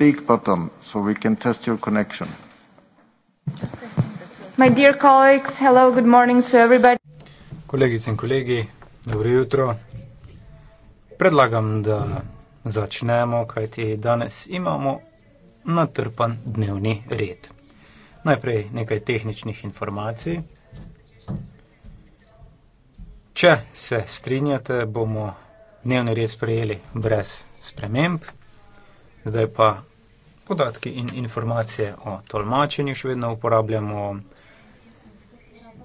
speak button so we can test your connection. My dear colleagues, hello, good morning to everybody. Kolegice in kolegi, dobro jutro. Predlagam, da začnemo, kajti danes imamo natrpan dnevni red. Najprej nekaj tehničnih informacij. Če se strinjate, bomo dnevni red sprejeli brez sprememb. Zdaj pa podatki in informacije o tolmačenju še vedno uporabljamo.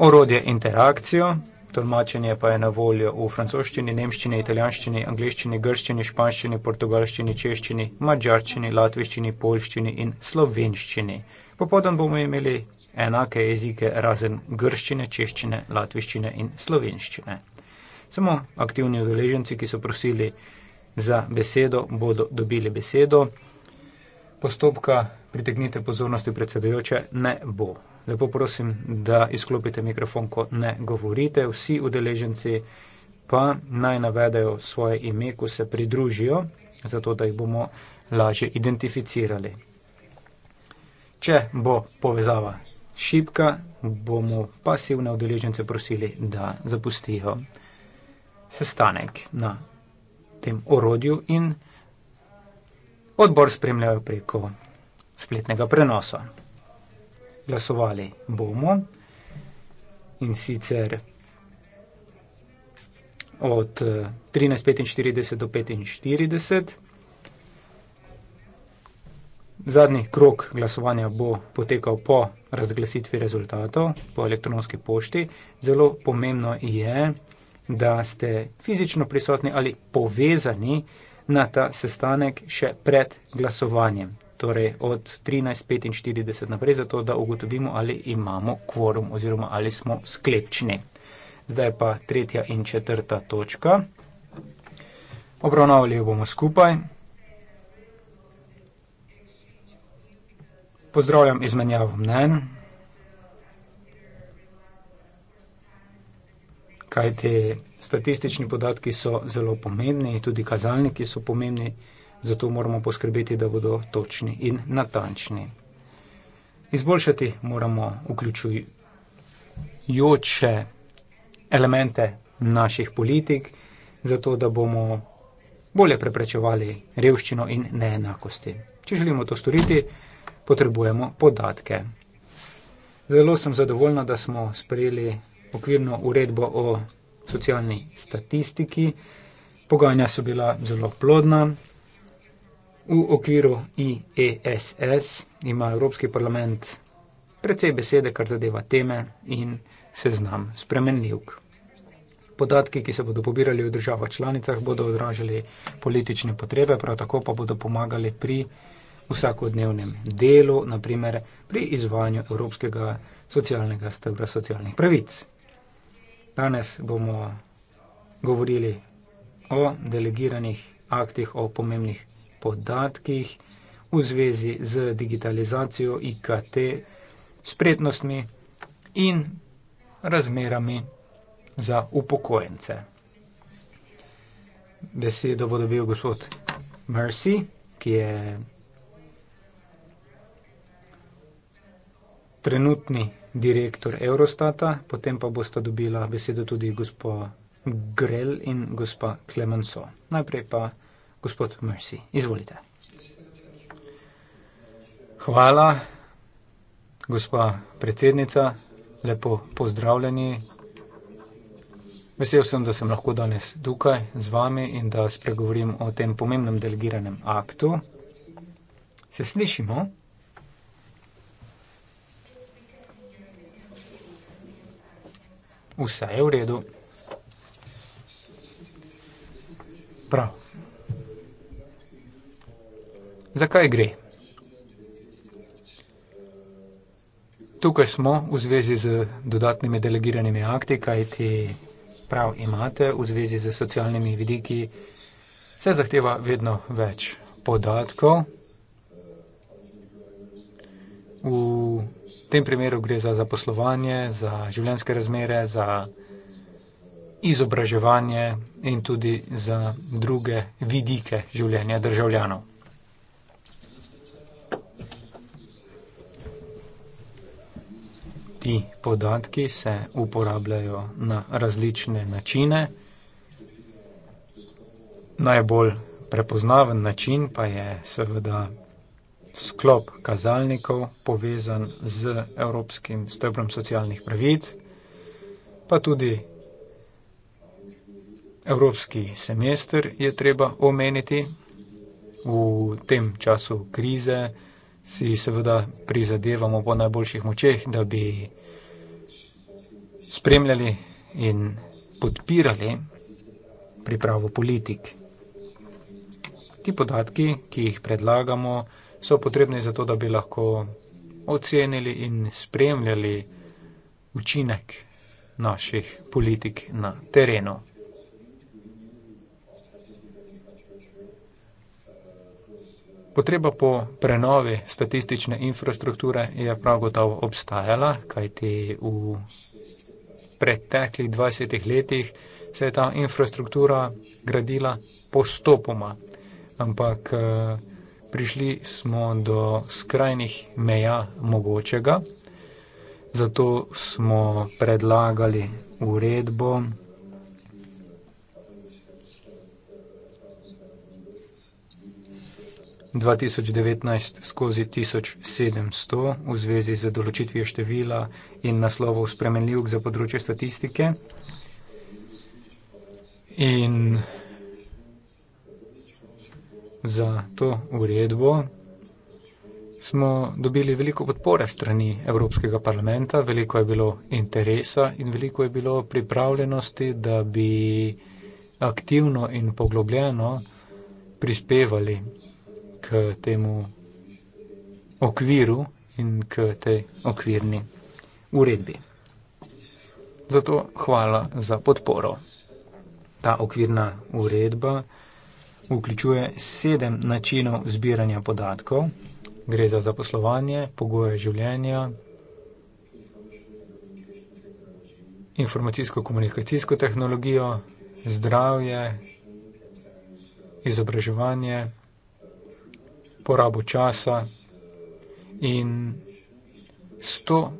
Orodje interakcijo, tolmačenje pa je na voljo v francoščini, nemščini, italijanščini, angliščini, grščini, španščini, portugalščini, češčini, mađarščini, latviščini, polščini in slovenščini. Popodan bomo imeli enake jezike razen grščine, češčine, latviščine in slovenščine. Samo aktivni udeleženci, ki so prosili za besedo, bodo dobili besedo postopka pritegnite pozornosti predsedujoče, ne bo. Lepo prosim, da izklopite mikrofon, ko ne govorite. Vsi udeleženci pa naj navedajo svoje ime, ko se pridružijo, zato da jih bomo lažje identificirali. Če bo povezava šipka, bomo pasivne udeležence prosili, da zapustijo sestanek na tem orodju in Odbor spremljajo preko spletnega prenosa. Glasovali bomo in sicer od 13:45 eh, do 45. Zadnji krok glasovanja bo potekal po razglasitvi rezultatov po elektronski pošti. Zelo pomembno je, da ste fizično prisotni ali povezani na ta sestanek še pred glasovanjem, torej od 13.45 naprej, zato da ugotovimo, ali imamo kvorum oziroma ali smo sklepčni. Zdaj pa tretja in četrta točka. Obravnavali jo bomo skupaj. Pozdravljam izmenjavo mnen. Kaj te je? statistični podatki so zelo pomembni, tudi kazalniki so pomembni, zato moramo poskrbeti, da bodo točni in natančni. Izboljšati moramo vključujoče elemente naših politik, zato da bomo bolje preprečevali revščino in neenakosti. Če želimo to storiti, potrebujemo podatke. Zelo sem zadovoljna, da smo sprejeli okvirno uredbo o socialni statistiki. Pogajanja so bila zelo plodna. V okviru IESS ima Evropski parlament precej besede, kar zadeva teme in seznam spremenljivk. Podatki, ki se bodo pobirali v državah članicah, bodo odražali politične potrebe, prav tako pa bodo pomagali pri vsakodnevnem delu, naprimer pri izvajanju Evropskega socialnega stebra socialnih pravic. Danes bomo govorili o delegiranih aktih, o pomembnih podatkih v zvezi z digitalizacijo IKT, spretnostmi in razmerami za upokojence. Besedo bo dobil gospod Mercy, ki je trenutni direktor Eurostata, potem pa bosta dobila besedo tudi gospod Grell in gospa Clemenceau. Najprej pa gospod Mercy. Izvolite. Hvala, gospa predsednica. Lepo pozdravljeni. Vesel sem, da sem lahko danes tukaj z vami in da spregovorim o tem pomembnem delegiranem aktu. Se slišimo? Vse je v redu. Prav. Zakaj gre? Tukaj smo v zvezi z dodatnimi delegiranimi akti, kaj ti prav imate v zvezi z socialnimi vidiki. Se zahteva vedno več podatkov. V tem primeru gre za zaposlovanje, za življenjske razmere, za izobraževanje in tudi za druge vidike življenja državljanov. Ti podatki se uporabljajo na različne načine. Najbolj prepoznaven način pa je seveda sklop kazalnikov povezan z evropskim stebrom socialnih pravic, pa tudi evropski semester je treba omeniti. V tem času krize si seveda prizadevamo po najboljših močeh, da bi spremljali in podpirali pripravo politik. Ti podatki, ki jih predlagamo, so potrebni zato, da bi lahko ocenili in spremljali učinek naših politik na terenu. Potreba po prenovi statistične infrastrukture je prav gotovo obstajala, kajti v preteklih 20 letih se je ta infrastruktura gradila postopoma, ampak eh, prišli smo do skrajnih meja mogočega, zato smo predlagali uredbo, skozi 1700 v zvezi z določitvijo števila in naslovov spremenljivk za področje statistike. In za to uredbo, smo dobili veliko podpore strani Evropskega parlamenta, veliko je bilo interesa in veliko je bilo pripravljenosti, da bi aktivno in poglobljeno prispevali k temu okviru in k tej okvirni uredbi. Zato hvala za podporo. Ta okvirna uredba vključuje sedem načinov zbiranja podatkov. Gre za zaposlovanje, pogoje življenja, informacijsko-komunikacijsko tehnologijo, zdravje, izobraževanje, porabo časa in s to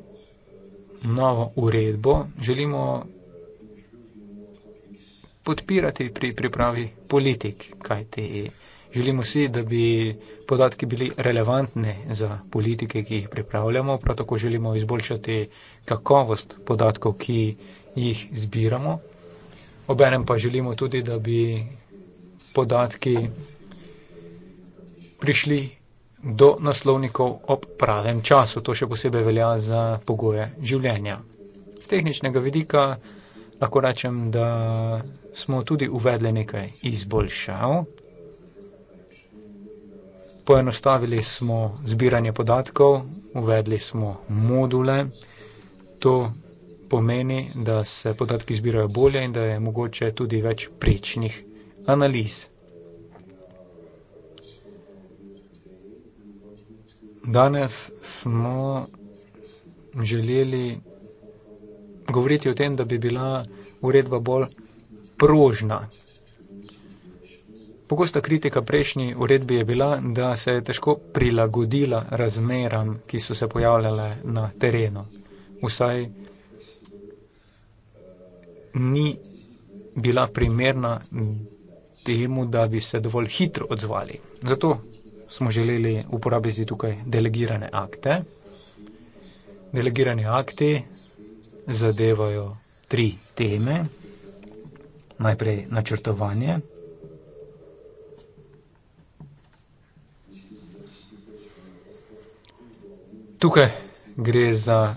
novo uredbo želimo podpirati pri pripravi politik, kajti želimo si, da bi podatki bili relevantni za politike, ki jih pripravljamo, prav tako želimo izboljšati kakovost podatkov, ki jih zbiramo. Obenem pa želimo tudi, da bi podatki prišli do naslovnikov ob pravem času. To še posebej velja za pogoje življenja. Z tehničnega vidika lahko rečem, da smo tudi uvedli nekaj izboljšav. Poenostavili smo zbiranje podatkov, uvedli smo module. To pomeni, da se podatki zbirajo bolje in da je mogoče tudi več prečnih analiz. Danes smo želeli govoriti o tem, da bi bila uredba bolj prožna. Pogosta kritika prejšnji uredbi je bila, da se je težko prilagodila razmeram, ki so se pojavljale na terenu. Vsaj ni bila primerna temu, da bi se dovolj hitro odzvali. Zato smo želeli uporabiti tukaj delegirane akte. Delegirane akte zadevajo tri teme najprej načrtovanje. Tukaj gre za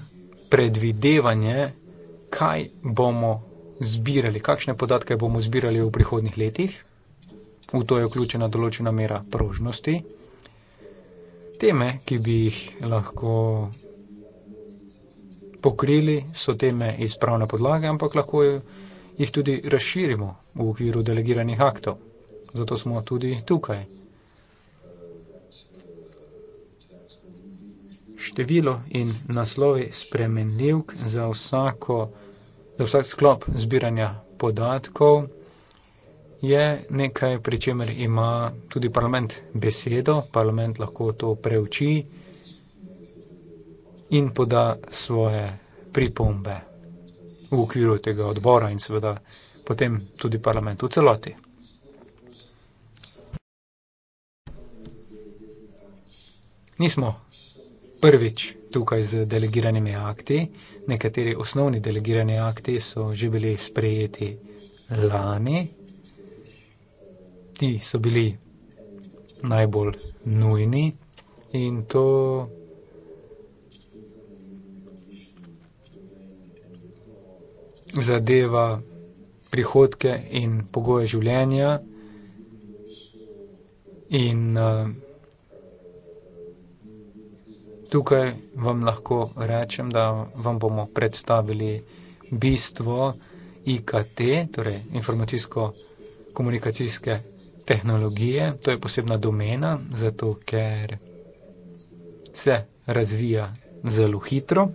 predvidevanje, kaj bomo zbirali, kakšne podatke bomo zbirali v prihodnih letih. V to je vključena določena mera prožnosti. Teme, ki bi jih lahko pokrili, so teme iz pravne podlage, ampak lahko jih jih tudi razširimo v okviru delegiranih aktov. Zato smo tudi tukaj. Število in naslovi spremenljivk za, vsako, za vsak sklop zbiranja podatkov je nekaj, pri čemer ima tudi parlament besedo, parlament lahko to preuči in poda svoje pripombe v okviru tega odbora in seveda potem tudi parlament v celoti. Nismo prvič tukaj z delegiranimi akti. Nekateri osnovni delegirani akti so že bili sprejeti lani. Ti so bili najbolj nujni in to zadeva prihodke in pogoje življenja in eh, tukaj vam lahko rečem, da vam bomo predstavili bistvo IKT, torej informacijsko-komunikacijske tehnologije. To je posebna domena, zato ker se razvija zelo hitro.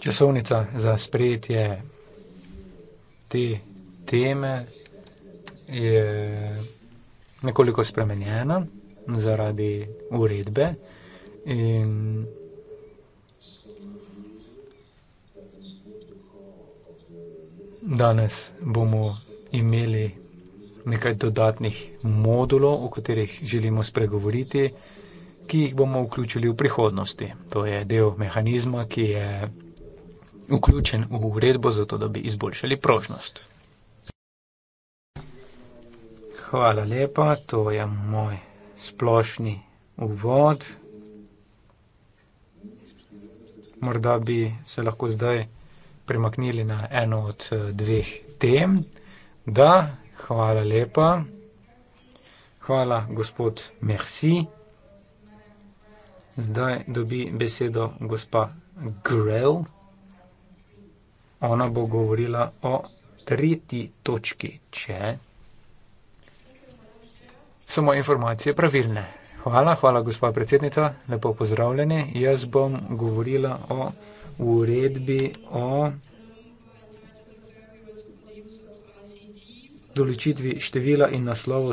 časovnica za sprejetje te teme je nekoliko spremenjena zaradi uredbe in danes bomo imeli nekaj dodatnih modulov, o katerih želimo spregovoriti, ki jih bomo vključili v prihodnosti. To je del mehanizma, ki je vključen v uredbo, zato da bi izboljšali prožnost. Hvala lepa, to je moj splošni uvod. Morda bi se lahko zdaj premaknili na eno od eh, dveh tem. Da, hvala lepa. Hvala, gospod Merci. Zdaj dobi besedo gospa Grell ona bo govorila o tretji točki, če so moje informacije pravilne. Hvala, hvala, gospa predsednica, lepo pozdravljeni. Jaz bom govorila o uredbi o določitvi števila in naslovov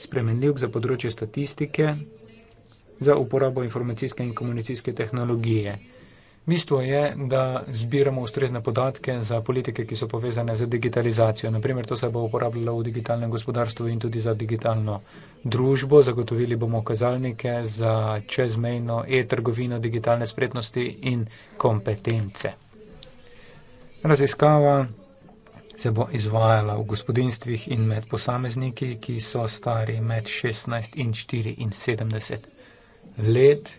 spremenljivk za področje statistike za uporabo informacijske in komunicijske tehnologije. Bistvo je, da zbiramo ustrezne podatke za politike, ki so povezane z digitalizacijo. Naprimer, to se bo uporabljalo v digitalnem gospodarstvu in tudi za digitalno družbo. Zagotovili bomo kazalnike za čezmejno e-trgovino, digitalne spretnosti in kompetence. Raziskava se bo izvajala v gospodinstvih in med posamezniki, ki so stari med 16 in 74 let.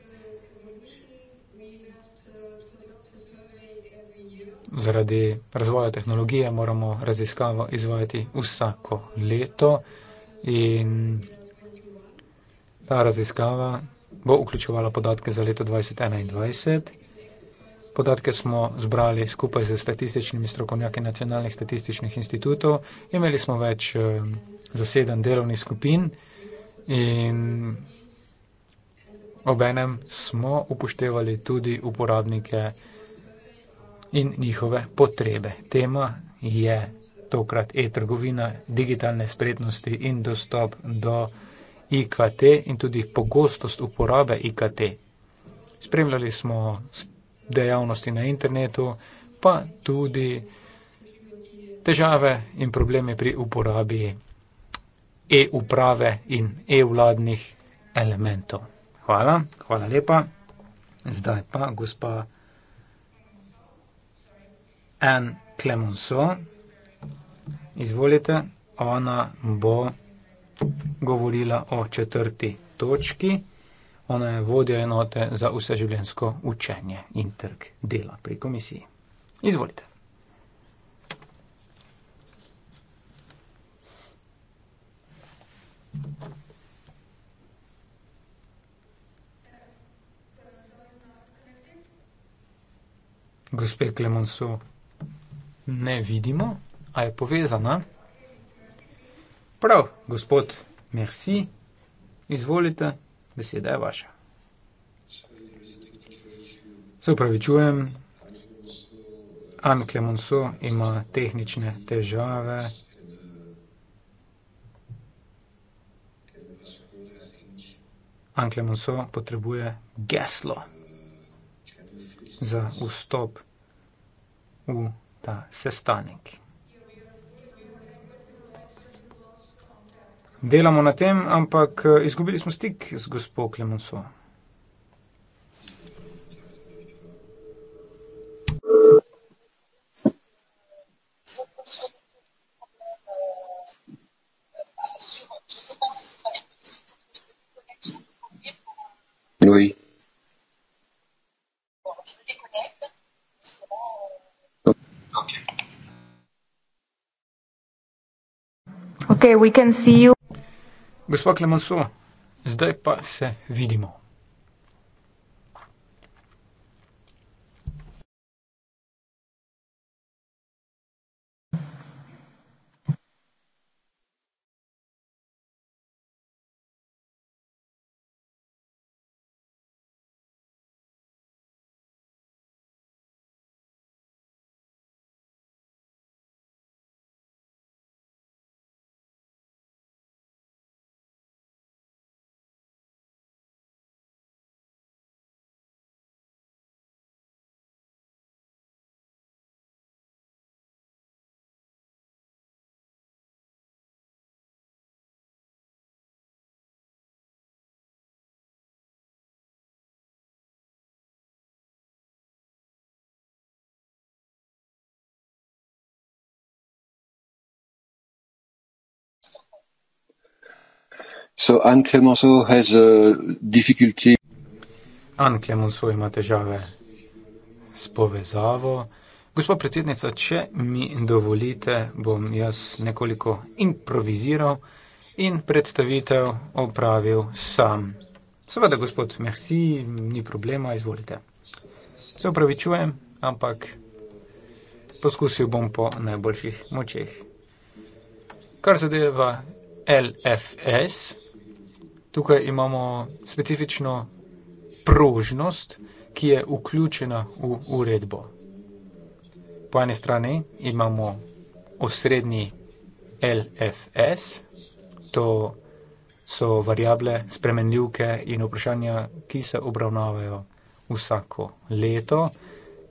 zaradi razvoja tehnologije moramo raziskavo izvajati vsako leto in ta raziskava bo vključevala podatke za leto 2021. Podatke smo zbrali skupaj z statističnimi strokovnjaki nacionalnih statističnih institutov. Imeli smo več eh, zaseden delovnih skupin in obenem smo upoštevali tudi uporabnike informacij in njihove potrebe. Tema je tokrat e-trgovina, digitalne spretnosti in dostop do IKT in tudi pogostost uporabe IKT. Spremljali smo dejavnosti na internetu, pa tudi težave in probleme pri uporabi e-uprave in e-vladnih elementov. Hvala, hvala lepa. Zdaj pa, gospa en Clemenceau, izvolite, ona bo govorila o četrti točki. Ona je vodja enote za vseživljenjsko učenje in trg dela pri komisiji. Izvolite. Gospe Clemenceau, ne vidimo, a je povezana. Prav, gospod Merci, izvolite, beseda je vaša. Se upravičujem, Anne Clemenceau ima tehnične težave. Anne Clemenceau potrebuje geslo za vstop v ta sestanek. Delamo na tem, ampak eh, izgubili smo stik z gospod Klemensom. Okay, Gospod Klemensu, zdaj pa se vidimo. So Anne Clemenceau has a difficulty. Anne Clemenceau ima težave s povezavo. Gospa predsednica, če mi dovolite, bom jaz nekoliko improviziral in predstavitev opravil sam. Seveda, gospod Merci, ni problema, izvolite. Se upravičujem, ampak poskusil bom po najboljših močeh. Kar zadeva LFS, tukaj imamo specifično prožnost, ki je vključena v uredbo. Po eni strani imamo osrednji LFS, to so variable, spremenljivke in vprašanja, ki se obravnavajo vsako leto.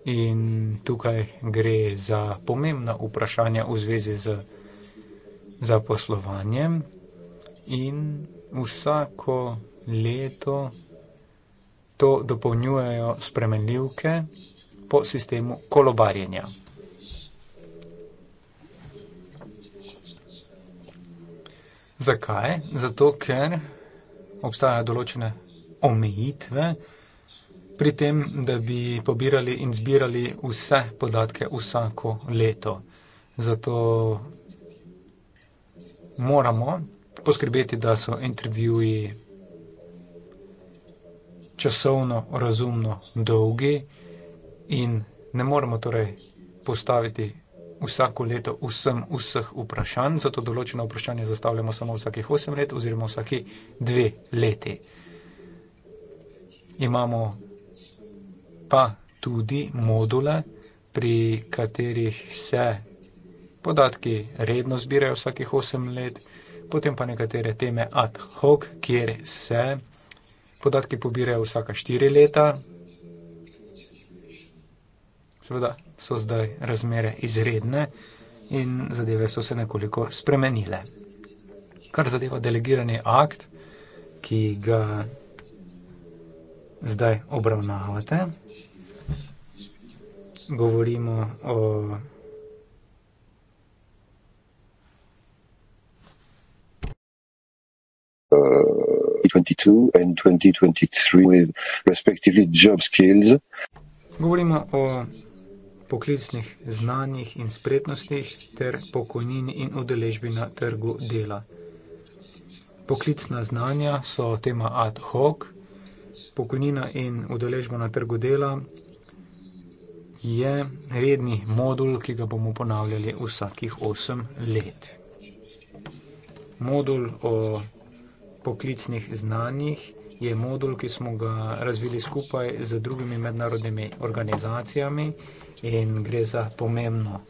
In tukaj gre za pomembna vprašanja v zvezi z zaposlovanjem in vsako leto to dopolnjujejo spremenljivke po sistemu kolobarjenja. Zakaj? Zato, ker obstajajo določene omejitve pri tem, da bi pobirali in zbirali vse podatke vsako leto. Zato moramo poskrbeti, da so intervjuji časovno, razumno dolgi in ne moremo torej postaviti vsako leto vsem vseh vprašanj, zato določeno vprašanje zastavljamo samo vsakih 8 let oziroma vsaki dve leti. Imamo pa tudi module, pri katerih se podatki redno zbirajo vsakih 8 let, potem pa nekatere teme ad hoc, kjer se podatki pobirajo vsaka štiri leta. Seveda so zdaj razmere izredne in zadeve so se nekoliko spremenile. Kar zadeva delegirani akt, ki ga zdaj obravnavate, govorimo o. 2022 uh, and 2023 with respectively job skills. Govorimo o poklicnih znanjih in spretnostih ter pokojnini in udeležbi na trgu dela. Poklicna znanja so tema ad hoc, pokojnina in udeležba na trgu dela je redni modul, ki ga bomo ponavljali vsakih 8 let. Modul o poklicnih znanjih je modul, ki smo ga razvili skupaj z drugimi mednarodnimi organizacijami in gre za pomembno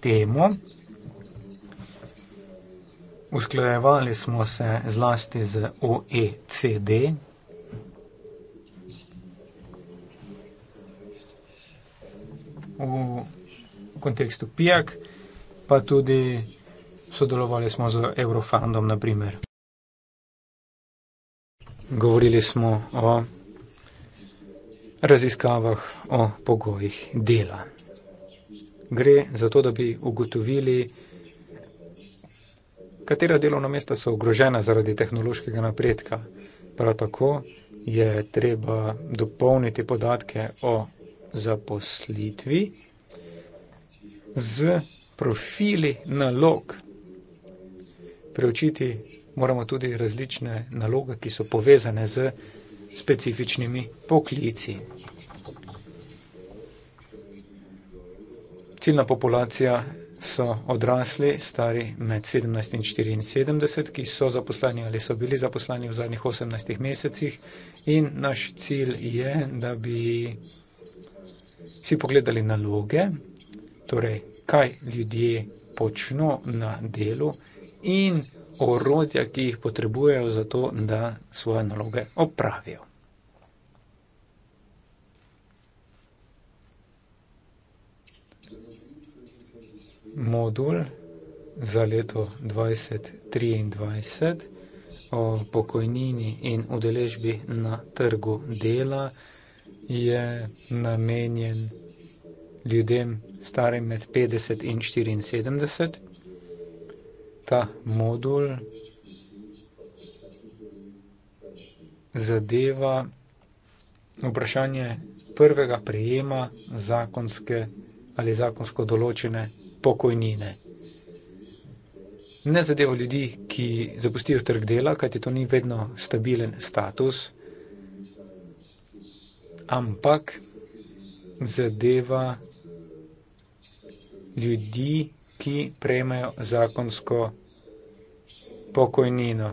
temo. Usklajevali smo se zlasti z OECD. V kontekstu PIAK, pa tudi sodelovali smo z Eurofundom, naprimer govorili smo o raziskavah o pogojih dela. Gre za to, da bi ugotovili, katera delovna mesta so ogrožena zaradi tehnološkega napredka. Prav tako je treba dopolniti podatke o zaposlitvi z profili nalog, preučiti moramo tudi različne naloge, ki so povezane z specifičnimi poklici. Ciljna populacija so odrasli, stari med 17 in 74, ki so zaposleni ali so bili zaposleni v zadnjih 18 mesecih in naš cilj je, da bi si pogledali naloge, torej kaj ljudje počno na delu in kaj, orodja, ki jih potrebujejo za to, da svoje naloge opravijo. Modul za leto 2023 o pokojnini in udeležbi na trgu dela je namenjen ljudem starim med 50 in 74 let ta modul zadeva vprašanje prvega prejema zakonske ali zakonsko določene pokojnine. Ne zadeva ljudi, ki zapustijo trg dela, kajti to ni vedno stabilen status, ampak zadeva ljudi, ki prejmejo zakonsko pokojnino.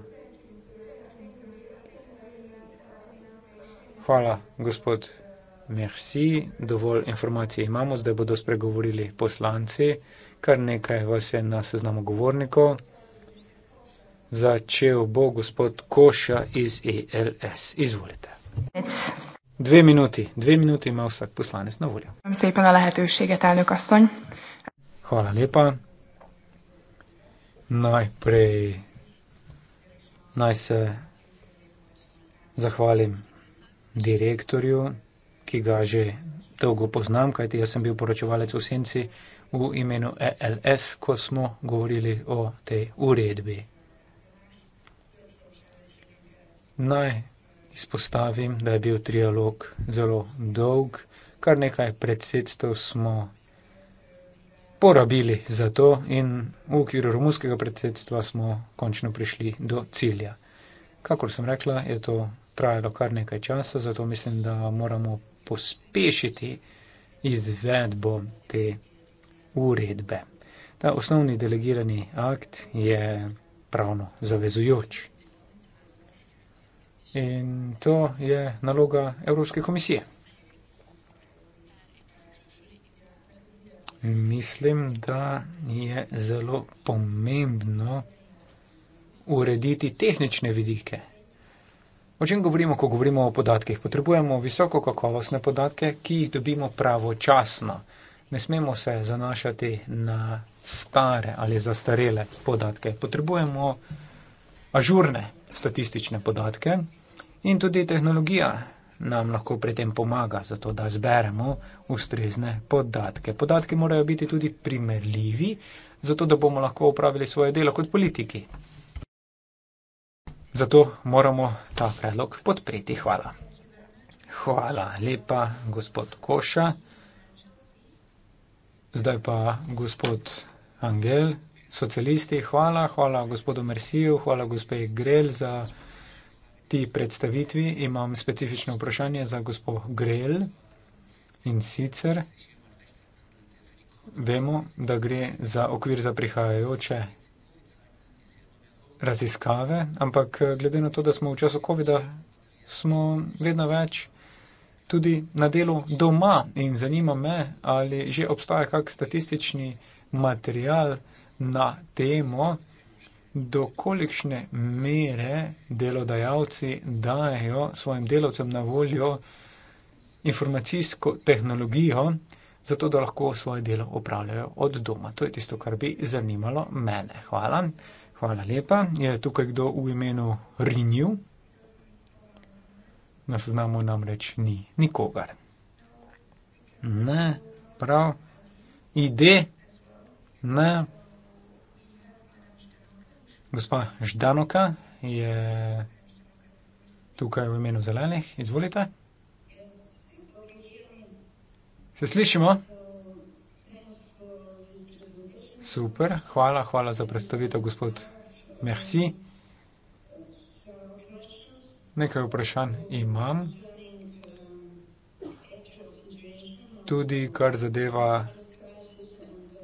Hvala, gospod Merci. Dovolj informacije imamo, zdaj bodo spregovorili poslanci. Kar nekaj vas je na seznamu govornikov. Začel bo gospod Koša iz ELS. Izvolite. It's... Dve minuti, dve minuti ima vsak poslanec na voljo. Hvala lepa za lehetovšega, talnik Aston. Hvala lepa. Najprej naj se zahvalim direktorju, ki ga že dolgo poznam, kajti jaz sem bil poročevalec v Senci v imenu ELS, ko smo govorili o tej uredbi. Naj izpostavim, da je bil trialog zelo dolg, kar nekaj predsedstv smo porabili za to in v okviru rumunskega predsedstva smo končno prišli do cilja. Kakor sem rekla, je to trajalo kar nekaj časa, zato mislim, da moramo pospešiti izvedbo te uredbe. Ta osnovni delegirani akt je pravno zavezujoč. In to je naloga Evropske komisije. Mislim, da je zelo pomembno urediti tehnične vidike. O čem govorimo, ko govorimo o podatkih? Potrebujemo visoko kakovostne podatke, ki jih dobimo pravočasno. Ne smemo se zanašati na stare ali zastarele podatke. Potrebujemo ažurne statistične podatke in tudi tehnologija nam lahko pri tem pomaga, zato da zberemo ustrezne podatke. Podatki morajo biti tudi primerljivi, zato da bomo lahko upravili svoje delo kot politiki. Zato moramo ta predlog podpreti. Hvala. Hvala lepa, gospod Koša. Zdaj pa gospod Angel, socialisti, hvala, hvala gospodu Mersiju, hvala gospe Grel za ti predstavitvi imam specifično vprašanje za gospod Grel in sicer vemo, da gre za okvir za prihajajoče raziskave, ampak eh, glede na to, da smo v času COVID-a, smo vedno več tudi na delu doma in zanima me, ali že obstaja kak statistični material na temo, do kolikšne mere delodajalci dajo svojim delovcem na voljo informacijsko tehnologijo, zato da lahko svoje delo upravljajo od doma. To je tisto, kar bi zanimalo mene. Hvala. Hvala lepa. Je tukaj kdo v imenu Rinju? Na seznamu namreč ni nikogar. Ne, prav. Ide, ne, Gospa Ždanoka je tukaj v imenu zelenih. Izvolite. Se slišimo? Super, hvala, hvala za predstavitev, gospod. Merci. Nekaj vprašanj imam. Tudi kar zadeva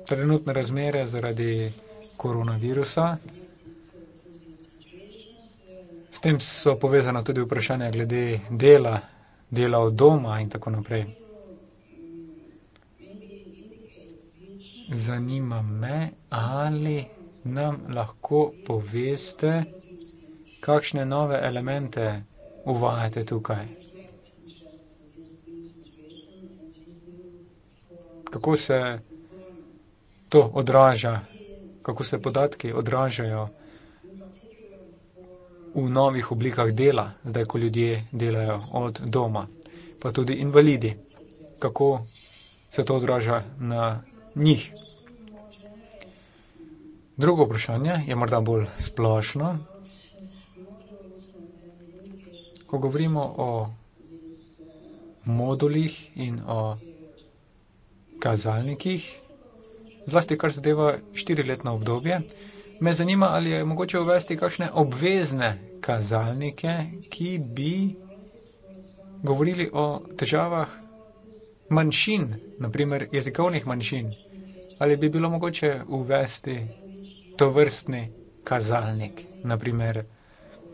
trenutne razmere zaradi koronavirusa. S tem so povezana tudi vprašanja glede dela, dela od doma in tako naprej. Zanima me, ali nam lahko poveste, kakšne nove elemente uvajate tukaj. Kako se to odraža, kako se podatki odražajo v novih oblikah dela, zdaj ko ljudje delajo od doma, pa tudi invalidi, kako se to odraža na njih. Drugo vprašanje je morda bolj splošno. Ko govorimo o modulih in o kazalnikih, zlasti kar zadeva štiriletno obdobje, me zanima, ali je mogoče uvesti kakšne obvezne kazalnike, ki bi govorili o težavah manjšin, naprimer jezikovnih manjšin. Ali bi bilo mogoče uvesti to vrstni kazalnik, naprimer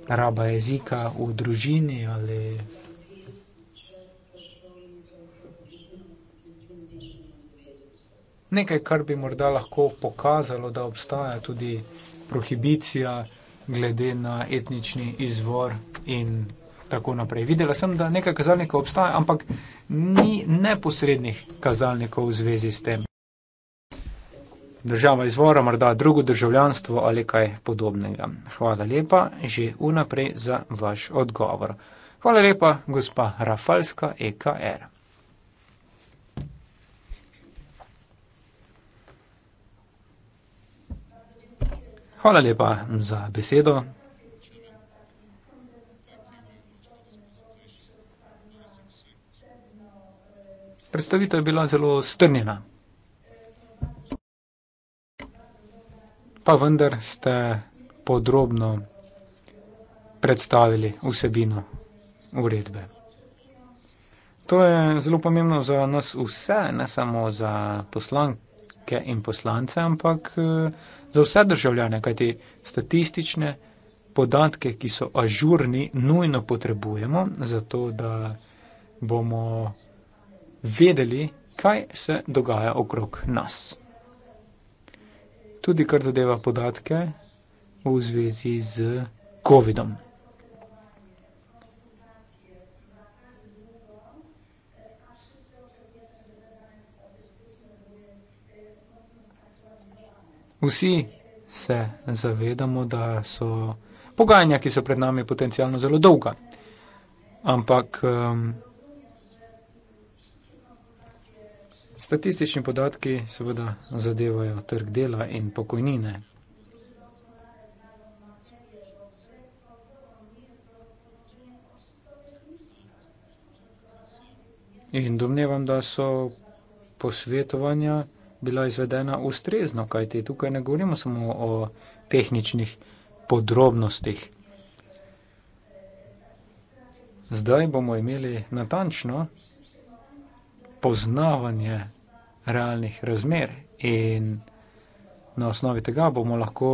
raba jezika v družini ali. Nekaj, kar bi morda lahko pokazalo, da obstaja tudi prohibicija glede na etnični izvor in tako naprej. Videla sem, da nekaj kazalnikov obstaja, ampak ni neposrednih kazalnikov v zvezi s tem. Država izvora, morda drugo državljanstvo ali kaj podobnega. Hvala lepa že unaprej za vaš odgovor. Hvala lepa, gospa Rafalska EKR. Hvala lepa za besedo. Predstavitev je bila zelo strnjena. Pa vendar ste podrobno predstavili vsebino uredbe. To je zelo pomembno za nas vse, ne samo za poslanke in poslance, ampak eh, za vse državljane, kajti statistične podatke, ki so ažurni, nujno potrebujemo, zato da bomo vedeli, kaj se dogaja okrog nas. Tudi kar zadeva podatke v zvezi z COVID-om. Vsi se zavedamo, da so pogajanja, ki so pred nami, potencialno zelo dolga. Ampak um, statistični podatki seveda zadevajo trg dela in pokojnine. In domnevam, da so posvetovanja bila izvedena ustrezno, kajti tukaj ne govorimo samo o tehničnih podrobnostih. Zdaj bomo imeli natančno poznavanje realnih razmer in na osnovi tega bomo lahko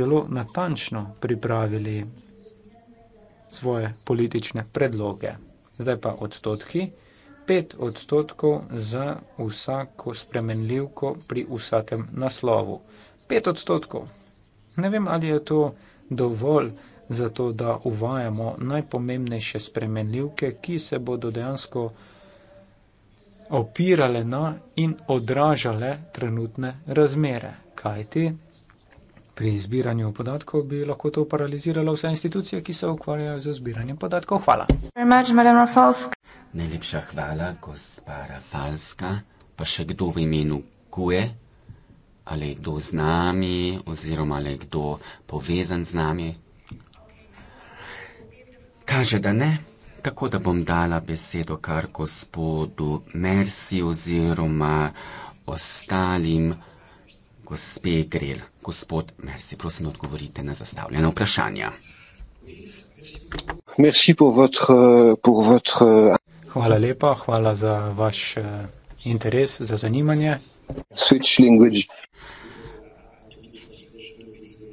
zelo natančno pripravili svoje politične predloge. Zdaj pa odstotki. 5 odstotkov za vsako spremenljivko pri vsakem naslovu. 5 odstotkov. Ne vem, ali je to dovolj za to, da uvajamo najpomembnejše spremenljivke, ki se bodo dejansko opirale na in odražale trenutne razmere. Kajti pri zbiranju podatkov, bi lahko to paraliziralo vse institucije, ki se ukvarjajo z zbiranjem podatkov. Hvala. Najlepša hvala, gospa Rafalska, pa še kdo v imenu Kue, ali kdo z nami, oziroma ali kdo povezan z nami. Kaže, da ne, tako da bom dala besedo kar gospodu Mersi oziroma ostalim gospe Grel. Gospod Mersi, prosim, odgovorite na zastavljena vprašanja. Hvala lepa, hvala za vaš eh, interes, za zanimanje.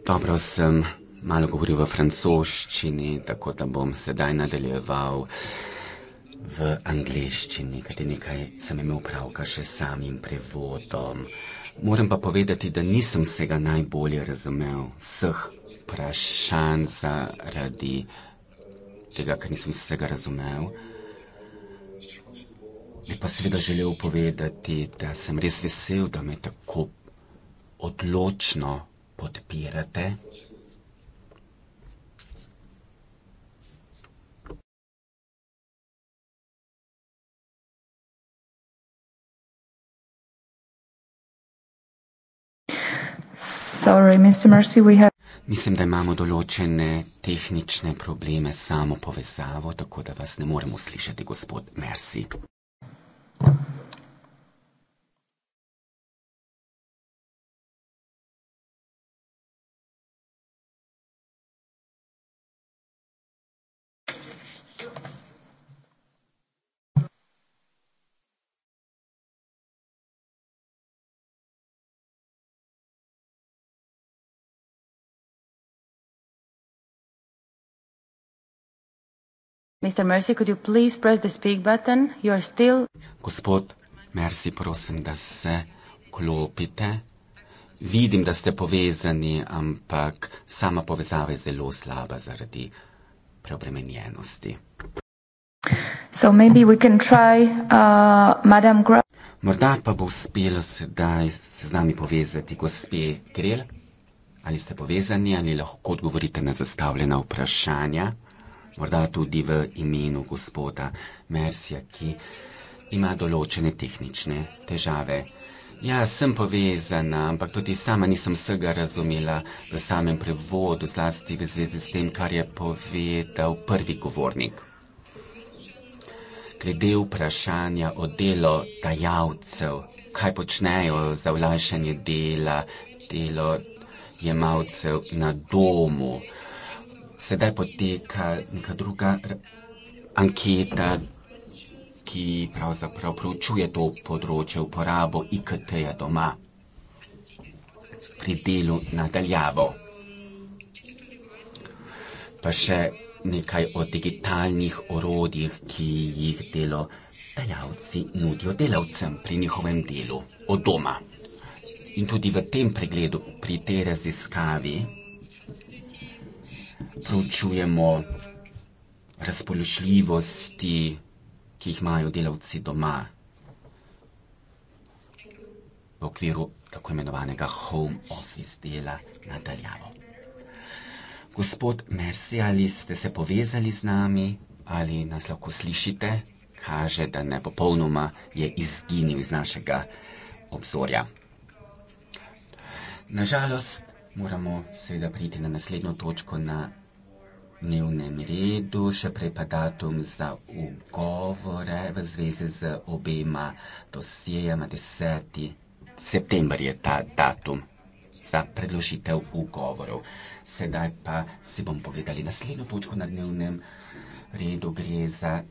Dobro, sem malo govoril v francoščini, tako da bom sedaj nadaljeval v angliščini, kajti nekaj sem imel pravka še samim prevodom. Moram pa povedati, da nisem vsega najbolje razumel vseh vprašanj zaradi tega, ker nisem vsega razumel. Bi pa seveda želel povedati, da sem res vesel, da me tako odločno podpirate. Sorry, Mislim, da imamo določene tehnične probleme s samo povezavo, tako da vas ne moremo slišati, gospod Mersi. Mr. Mercy, could you please press the speak button? You are still. Gospod, Mercy, prosim, da se klopite. Vidim, da ste povezani, ampak sama povezava je zelo slaba zaradi preobremenjenosti. So maybe we can try, uh, Morda pa bo uspelo sedaj se z nami povezati, gospe Grel. Ali ste povezani ali lahko odgovorite na zastavljena vprašanja? morda tudi v imenu gospoda Mersija, ki ima določene tehnične težave. Ja, sem povezana, ampak tudi sama nisem vsega razumela v samem prevodu, zlasti v zvezi s tem, kar je povedal prvi govornik. Glede vprašanja o delo dajalcev, kaj počnejo za vlajšanje dela, delo jemalcev na domu, sedaj poteka neka druga anketa, ki pravzaprav preučuje to področje uporabo IKT-ja doma pri delu nadaljavo. Pa še nekaj o digitalnih orodjih, ki jih delo dajalci nudijo delavcem pri njihovem delu od doma. In tudi v tem pregledu, pri tej raziskavi, proučujemo razpoložljivosti, ki jih imajo delavci doma v okviru tako imenovanega home office dela nadaljavo. Gospod Mersi, ali ste se povezali z nami, ali nas lahko slišite? Kaže, da ne popolnoma je izginil iz našega obzorja. Nažalost, moramo seveda priti na naslednjo točko na dnevnem redu, še prej pa datum za ugovore v zvezi z obema dosjejama 10. september je ta datum za predložitev ugovorov. Sedaj pa si bom pogledali naslednjo točko na dnevnem redu, gre za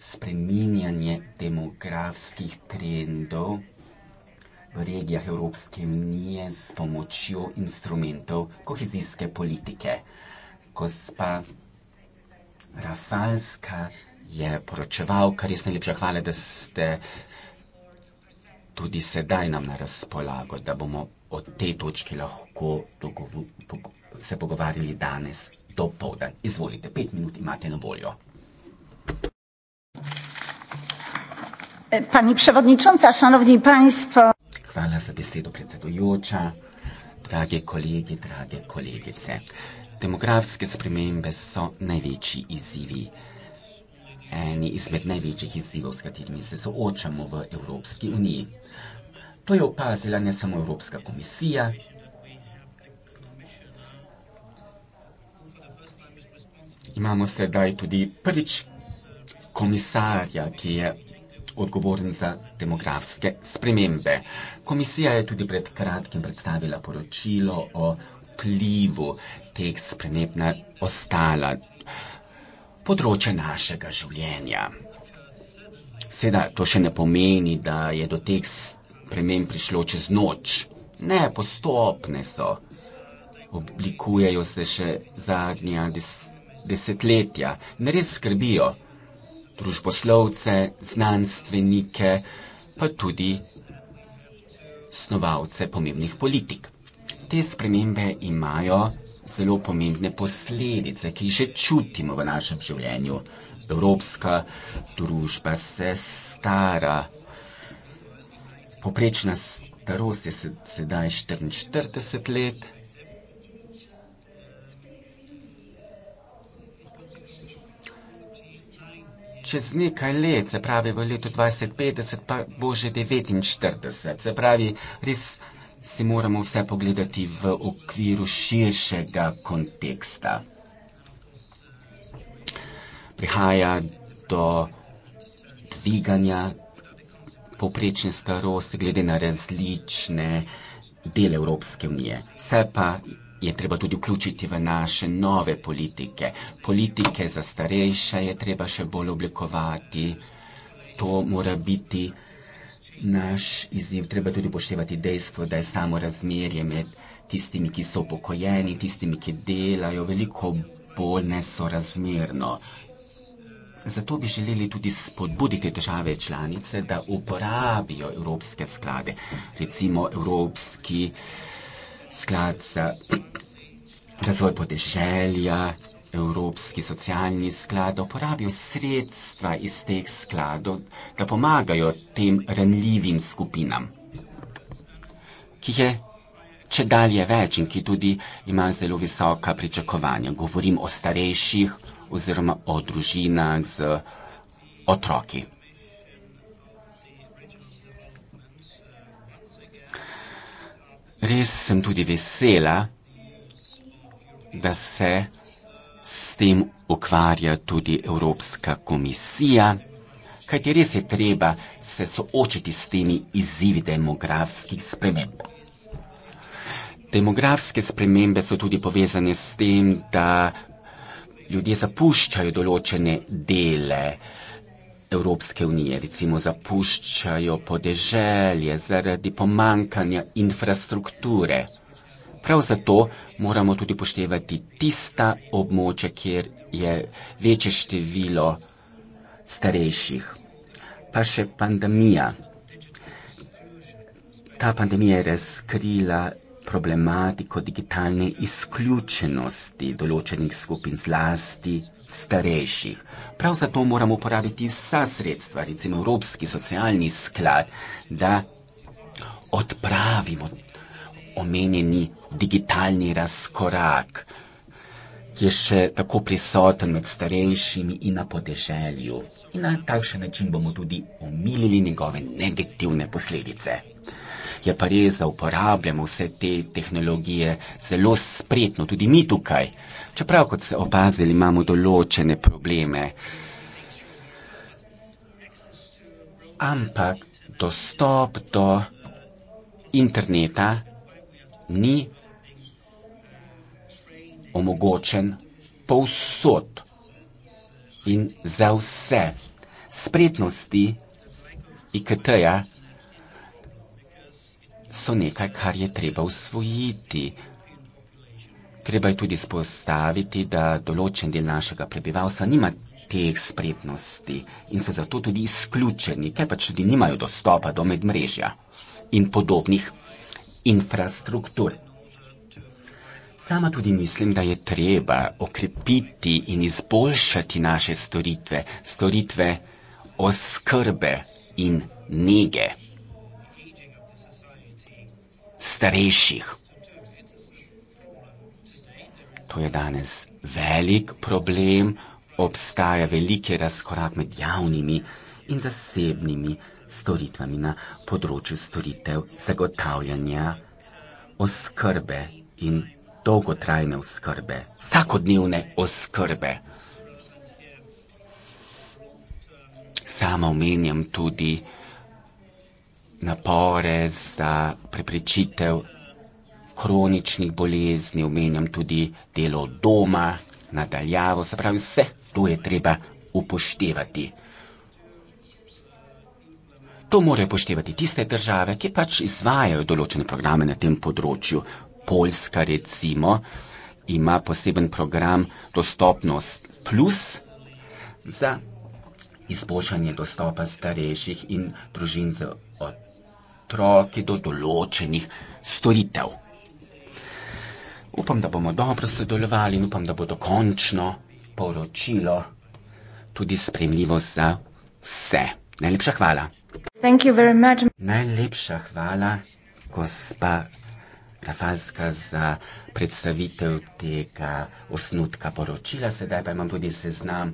spreminjanje demografskih trendov, v regijah Evropske unije s pomočjo instrumentov kohezijske politike. Gospa Rafalska je poročeval, kar je najlepša hvala, da ste tudi sedaj nam na razpolago, da bomo o tej točki lahko se pogovarjali danes do povdan. Izvolite, pet minut imate na voljo. E, pani przewodnicząca, szanowni państwo. Hvala za besedo, predsedujoča. Drage kolegi, drage kolegice. Demografske spremembe so največji izzivi. Eni izmed največjih izzivov, s katerimi se soočamo v Evropski uniji. To je opazila ne samo Evropska komisija, imamo sedaj tudi prvič komisarja, ki je odgovoren za demografske spremembe. Komisija je tudi pred kratkim predstavila poročilo o vplivu teh sprememb na ostala področja našega življenja. Seveda to še ne pomeni, da je do teh sprememb prišlo čez noč. Ne, postopne so. Oblikujejo se še zadnja des, desetletja. Ne res skrbijo družboslovce, znanstvenike, pa tudi snovalce pomembnih politik. Te spremembe imajo zelo pomembne posledice, ki jih že čutimo v našem življenju. Evropska družba se stara, poprečna starost je sedaj 44 let. čez nekaj let, se pravi v letu 2050, pa bo že 49. Se pravi, res si moramo vse pogledati v okviru širšega konteksta. Prihaja do dviganja poprečne starosti glede na različne dele Evropske unije. Se pa je treba tudi vključiti v naše nove politike. Politike za starejše je treba še bolj oblikovati. To mora biti naš izziv. Treba tudi upoštevati dejstvo, da je samo razmerje med tistimi, ki so upokojeni, tistimi, ki delajo, veliko bolj nesorazmerno. Zato bi želeli tudi spodbuditi države članice, da uporabijo evropske sklade, recimo evropski sklad za razvoj podeželja, Evropski socialni sklad, uporabil sredstva iz teh skladov, da pomagajo tem ranljivim skupinam, ki je če dalje več in ki tudi ima zelo visoka pričakovanja. Govorim o starejših oziroma o družinah z otroki. Res sem tudi vesela, da se s tem ukvarja tudi Evropska komisija, kajti res je treba se soočiti s temi izzivi demografskih sprememb. Demografske spremembe so tudi povezane s tem, da ljudje zapuščajo določene dele uh, Evropske unije, recimo zapuščajo podeželje zaradi pomankanja infrastrukture. Prav zato moramo tudi poštevati tista območja, kjer je večje število starejših. Pa še pandemija. Ta pandemija je razkrila problematiko digitalne izključenosti določenih skupin zlasti starejših. Prav zato moramo uporabiti vsa sredstva, recimo Evropski socialni sklad, da odpravimo omenjeni digitalni razkorak, ki je še tako prisoten med starejšimi in na podeželju. In na takšen način bomo tudi omilili njegove negativne posledice je pa res, da uporabljamo vse te tehnologije zelo spretno, tudi mi tukaj. Čeprav, kot se opazili, imamo določene probleme. Ampak dostop do interneta ni omogočen povsod in za vse spretnosti IKT-ja. -ja so nekaj, kar je treba usvojiti. Treba je tudi spostaviti, da določen del našega prebivalstva nima teh spretnosti in so zato tudi izključeni, ker pač tudi nimajo dostopa do medmrežja in podobnih infrastruktur. Sama tudi mislim, da je treba okrepiti in izboljšati naše storitve, storitve oskrbe in nege starejših. To je danes velik problem, obstaja velike razkorak med javnimi in zasebnimi storitvami na področju storitev zagotavljanja oskrbe in dolgotrajne oskrbe, vsakodnevne oskrbe. Sama omenjam tudi napore za preprečitev kroničnih bolezni, omenjam tudi delo doma, nadaljavo, se pravi, vse to je treba upoštevati. To morajo upoštevati tiste države, ki pač izvajajo določene programe na tem področju. Poljska, recimo, ima poseben program Dostopnost Plus za izboljšanje dostopa starejših in družin z otroki do določenih storitev. Upam, da bomo dobro sodelovali in upam, da bo dokončno poročilo tudi spremljivo za vse. Najlepša hvala. Najlepša hvala, gospa Rafalska, za predstavitev tega osnutka poročila. Sedaj pa imam tudi seznam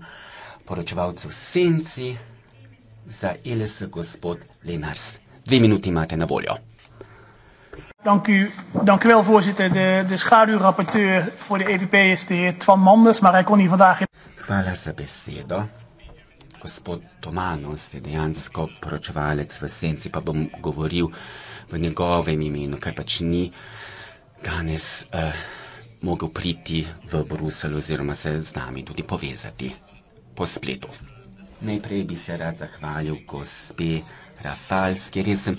poročevalcev Senci za ILS gospod Lenars. Twee minuten maken naar voljo. Dank u, dank u wel, voorzitter. De, de schaduwrapporteur voor de EVP is de heer Twan Manders, maar hij kon niet vandaag. Hvala za besedo. Gospod Tomano je dejansko poročevalec v senci, pa bom govoril v njegovem imenu, ker pač ni danes eh, mogel priti v Bruselj oziroma se z nami tudi povezati po spletu. Najprej bi se rad zahvalil gospe rafalski rizem.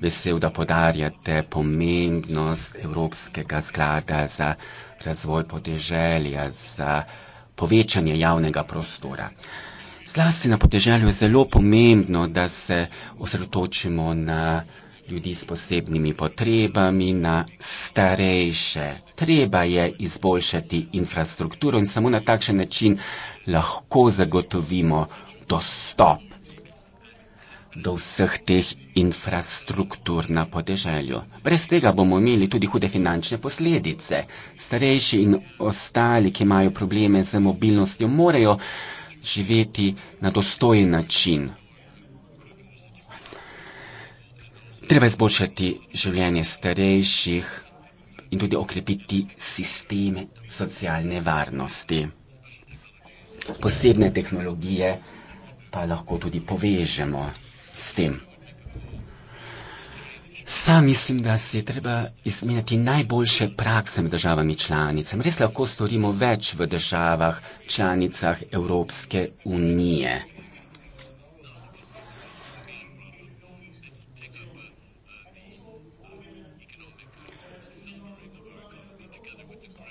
Vesel, da podarjate pomembnost Evropskega sklada za razvoj podeželja, za povečanje javnega prostora. Zlasti na podeželju je zelo pomembno, da se osredotočimo na ljudi s posebnimi potrebami, na starejše. Treba je izboljšati infrastrukturo in samo na takšen način lahko zagotovimo dostop do vseh teh infrastruktur na podeželju. Brez tega bomo imeli tudi hude finančne posledice. Starejši in ostali, ki imajo probleme z mobilnostjo, morajo živeti na dostojen način. Treba izboljšati življenje starejših in tudi okrepiti sisteme socialne varnosti. Posebne tehnologije pa lahko tudi povežemo s tem. Sam mislim, da se je treba izmenjati najboljše prakse med državami članicami. Res lahko storimo več v državah članicah Evropske unije.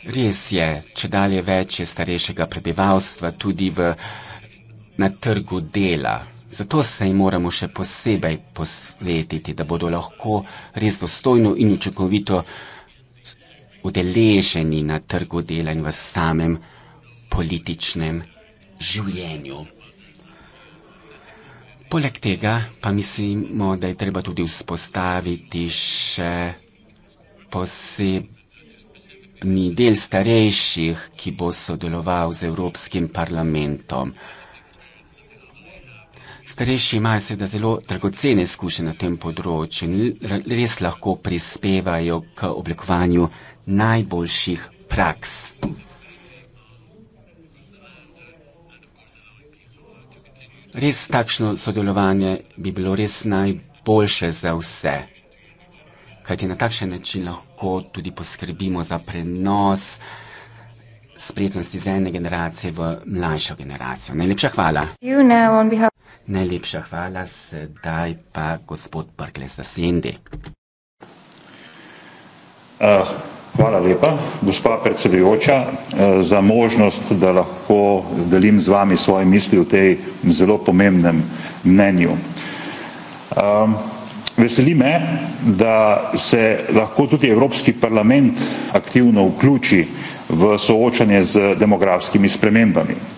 Res je, če dalje več je starejšega prebivalstva tudi v, na trgu dela. Zato se jim moramo še posebej posvetiti, da bodo lahko res dostojno in učinkovito udeleženi na trgu dela in v samem političnem življenju. Poleg tega pa mislimo, da je treba tudi vzpostaviti še posebni del starejših, ki bo sodeloval z Evropskim parlamentom. Starejši imajo seveda zelo dragocene izkušnje na tem področju in res lahko prispevajo k oblikovanju najboljših praks. Res takšno sodelovanje bi bilo res najboljše za vse, kajti na takšen način lahko tudi poskrbimo za prenos spretnosti iz ene generacije v mlajšo generacijo. Najlepša hvala. You know, Najlepša hvala, sedaj pa gospod Brkle za Sindi. Eh, hvala lepa, gospa predsedujoča, eh, za možnost, da lahko delim z vami svoje misli v tej zelo pomembnem mnenju. Ehm, veseli me, da se lahko tudi Evropski parlament aktivno vključi v soočanje z demografskimi spremembami.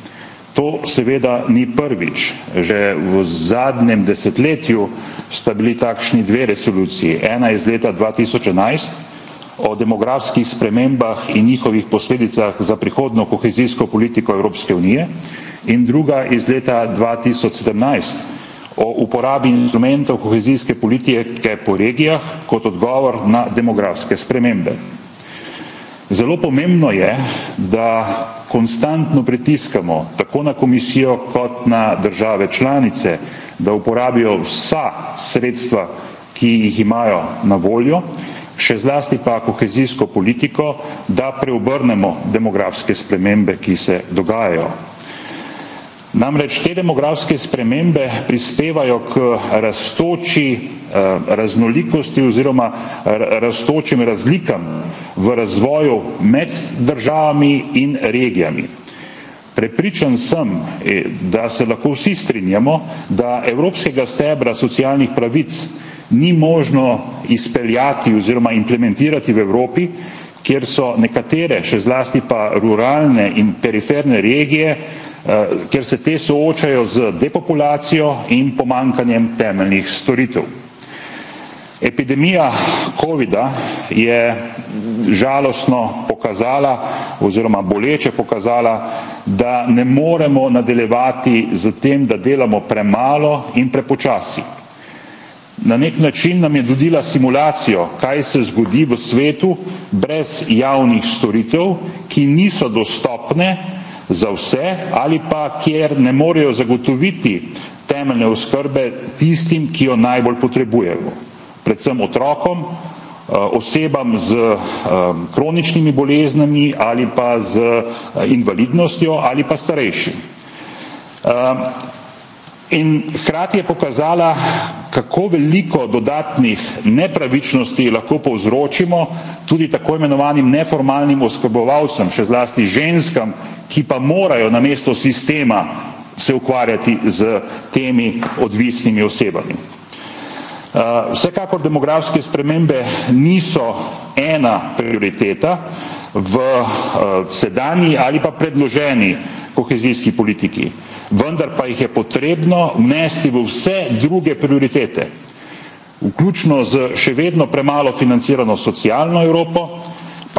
To seveda ni prvič. Že v zadnjem desetletju sta bili takšni dve resoluciji. Ena iz leta 2011 o demografskih spremembah in njihovih posledicah za prihodno kohezijsko politiko Evropske unije in druga iz leta 2017 o uporabi instrumentov kohezijske politike po regijah kot odgovor na demografske spremembe. Zelo pomembno je, da konstantno pritiskamo tako na komisijo kot na države članice, da uporabijo vsa sredstva, ki jih imajo na voljo, še zlasti pa kohezijsko politiko, da preobrnemo demografske spremembe, ki se dogajajo. Namreč te demografske spremembe prispevajo k rastoči eh, raznolikosti oziroma rastočim razlikam v razvoju med državami in regijami. Prepričan sem, e, da se lahko vsi strinjamo, da evropskega stebra socialnih pravic ni možno izpeljati oziroma implementirati v Evropi, kjer so nekatere, še zlasti pa ruralne in periferne regije, e, kjer se te soočajo z depopulacijo in pomankanjem temeljnih storitev. Epidemija covida je žalostno pokazala oziroma boleče pokazala, da ne moremo nadaljevati z tem, da delamo premalo in prepočasi. Na nek način nam je dodila simulacijo, kaj se zgodi v svetu brez javnih storitev, ki niso dostopne za vse ali pa kjer ne morejo zagotoviti temeljne oskrbe tistim, ki jo najbolj potrebujejo predvsem otrokom, eh, osebam z eh, kroničnimi boleznimi ali pa z eh, invalidnostjo ali pa starejšim. In hkrati je pokazala, kako veliko dodatnih nepravičnosti lahko povzročimo tudi tako imenovanim neformalnim oskrbovalcem, še zlasti ženskam, ki pa morajo na mesto sistema se ukvarjati z temi odvisnimi osebami. Eh, vsekakor demografske spremembe niso ena prioriteta v eh, sedanji ali pa predloženi kohezijski politiki, vendar pa jih je potrebno vnesti v vse druge prioritete, vključno z še vedno premalo financirano socialno Evropo,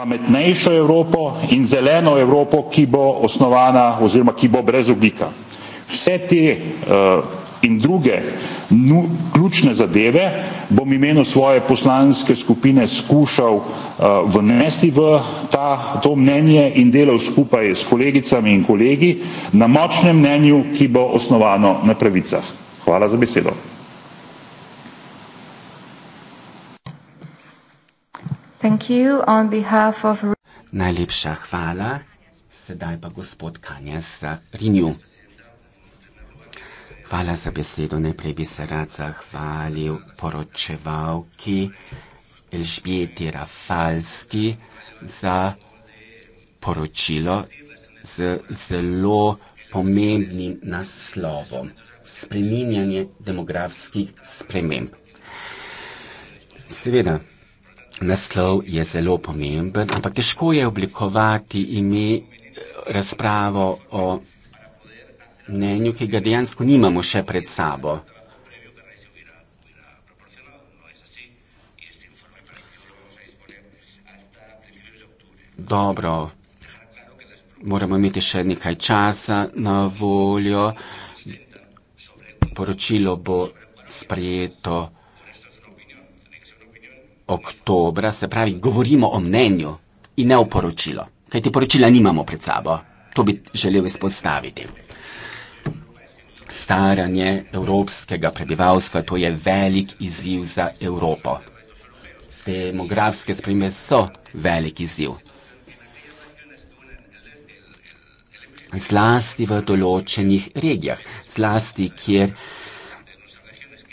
pametnejšo Evropo in zeleno Evropo, ki bo osnovana oziroma ki bo brez ogljika. Vse te uh, in druge uh, nu, ključne zadeve, bom imeno svoje poslanske skupine skušal uh, vnesti v ta, to mnenje in delal skupaj s kolegicami in kolegi na močnem mnenju, ki bo osnovano na pravicah. Hvala za besedo. Thank you on behalf of... Najlepša hvala. Sedaj pa gospod Kanjes Rinju. Hvala za besedo. Najprej bi se rad zahvalil poročevalki Elžbieti Rafalski za poročilo z zelo pomembnim naslovom Spreminjanje demografskih sprememb. Seveda, naslov je zelo pomemben, ampak težko je oblikovati ime eh, razpravo o mnenju, ki ga dejansko nimamo še pred sabo. Dobro, moramo imeti še nekaj časa na voljo. Poročilo bo sprejeto oktobra, se pravi, govorimo o mnenju in ne o poročilo. Kaj ti poročila nimamo pred sabo? To bi želel izpostaviti staranje evropskega prebivalstva, to je velik izziv za Evropo. Demografske spremembe so velik izziv. Zlasti v določenih regijah, zlasti kjer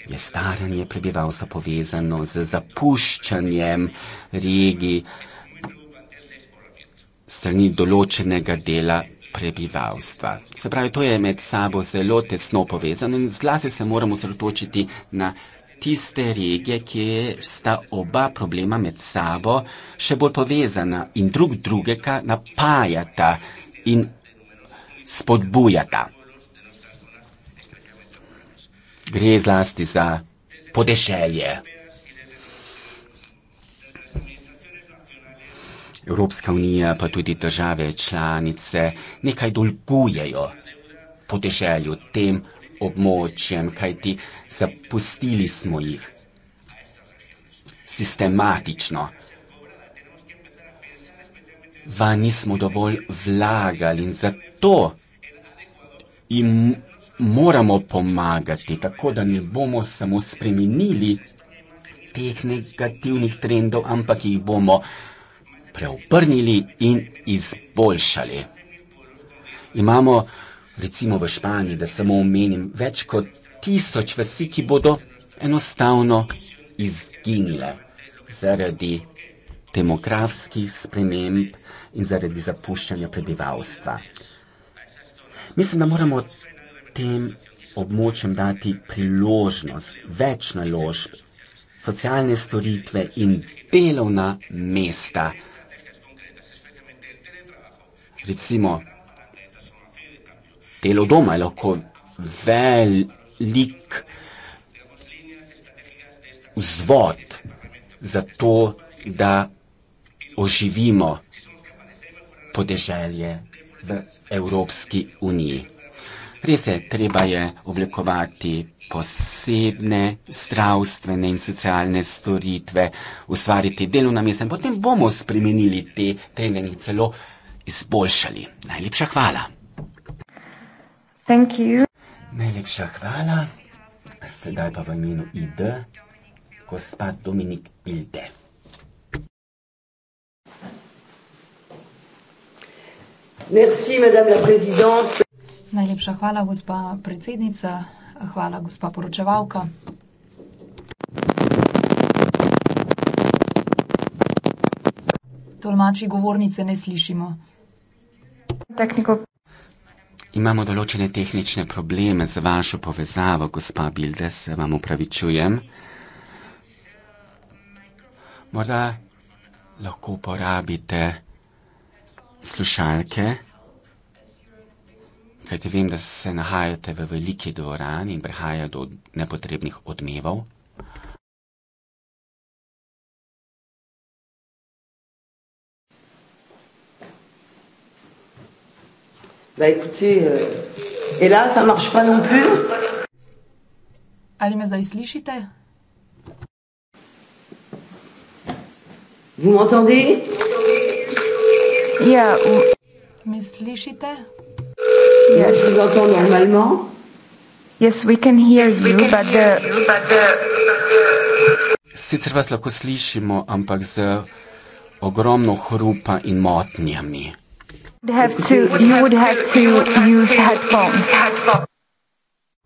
je staranje prebivalstva povezano z zapuščanjem regij strani določenega dela prebivalstva. Se pravi, to je med sabo zelo tesno povezano in zlasti se moramo osredotočiti na tiste regije, kjer sta oba problema med sabo še bolj povezana in drug drugega napajata in spodbujata. Gre zlasti za podeželje. Evropska unija, pa tudi države članice, nekaj dolgujejo podeželju, tem območjem, kajti zapustili smo jih sistematično. Va nismo dovolj vlagali in zato jim moramo pomagati, tako da ne bomo samo spremenili teh negativnih trendov, ampak jih bomo preobrnili in izboljšali. Imamo recimo v Španiji, da samo omenim, več kot tisoč vasi, ki bodo enostavno izginile zaradi demografskih sprememb in zaradi zapuščanja prebivalstva. Mislim, da moramo tem območjem dati priložnost, več naložb, socialne storitve in delovna mesta recimo, delo doma je lahko velik vzvod za to, da oživimo podeželje v Evropski uniji. Res je, treba je oblikovati posebne zdravstvene in socialne storitve, ustvariti delovna mesta in potem bomo spremenili te trende in celo izboljšali. Najlepša hvala. Najlepša hvala. Sedaj pa v imenu ID, gospa Dominik Ilde. Merci, madame la présidente. Najlepša hvala, gospa predsednica. Hvala, gospa poročevalka. Tolmači govornice ne slišimo technical. Imamo določene tehnične probleme z vašo povezavo, gospa Bilde, se vam upravičujem. Morda lahko uporabite slušalke, kajte vem, da se nahajate v veliki dvorani in prehaja do nepotrebnih odmevov. Bah écoutez, euh, et là, ça marche pas non plus. Allez, mais Vous m'entendez Yeah. Ja, Miss Lichita. Yeah, je vous entends normalement. Yes, we can hear you, can but, hear the... You, but the... Sicer vas lahko slišimo, ampak z ogromno hrupa in motnjami.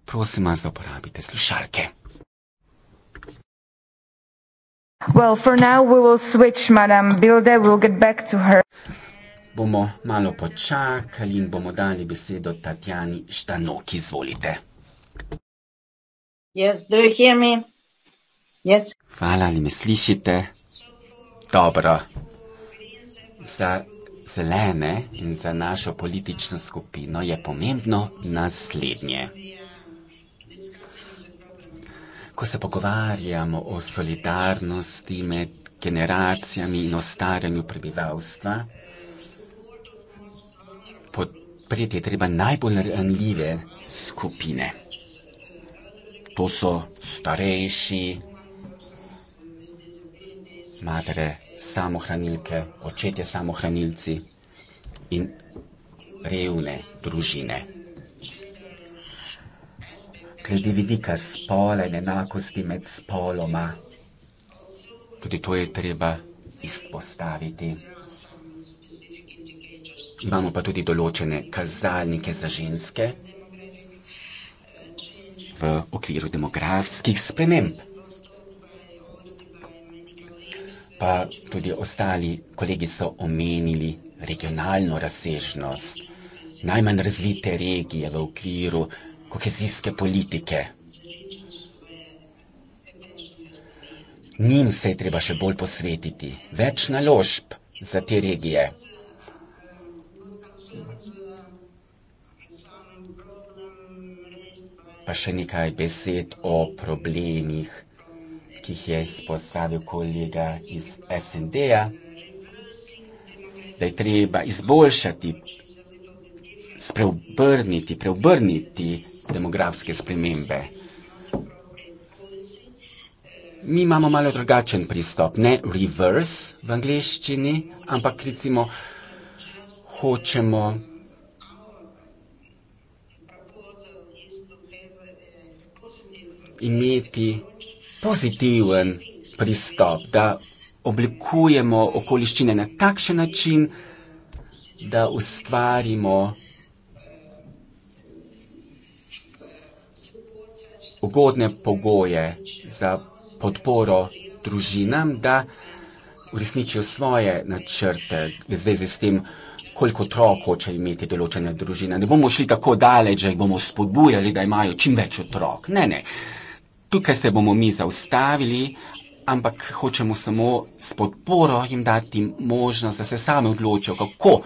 Prosim vas, da uporabite slušalke. Well, for now we will switch, Madame Bilde. We'll get back to her. Bomo malo počakali in bomo dali besedo Tatjani Štanok, izvolite. Yes, do you hear me? Yes. Hvala, ali me slišite? Dobro. Za zelene in za našo politično skupino je pomembno naslednje. Ko se pogovarjamo o solidarnosti med generacijami in o staranju prebivalstva, podpreti je treba najbolj ranljive skupine. To so starejši, matere samohranilke, očetje samohranilci in revne družine. Glede vidika spola in enakosti med spoloma, tudi to je treba izpostaviti. Imamo pa tudi določene kazalnike za ženske v okviru demografskih sprememb. pa tudi ostali kolegi so omenili regionalno razsežnost, najmanj razvite regije v okviru kohezijske politike. Njim se je treba še bolj posvetiti, več naložb za te regije. Pa še nekaj besed o problemih ki jih je izpostavil kolega iz SND-ja, da je treba izboljšati, spreobrniti, preobrniti demografske spremembe. Mi imamo malo drugačen pristop, ne reverse v angliščini, ampak recimo hočemo imeti pozitiven pristop, da oblikujemo okoliščine na takšen način, da ustvarimo ugodne pogoje za podporo družinam, da uresničijo svoje načrte v zvezi s tem, koliko otrok hoče imeti določena družina. Ne bomo šli tako daleč, da jih bomo spodbujali, da imajo čim več otrok. Ne, ne tukaj se bomo mi zaustavili, ampak hočemo samo s podporo jim dati možnost, da se sami odločijo, kako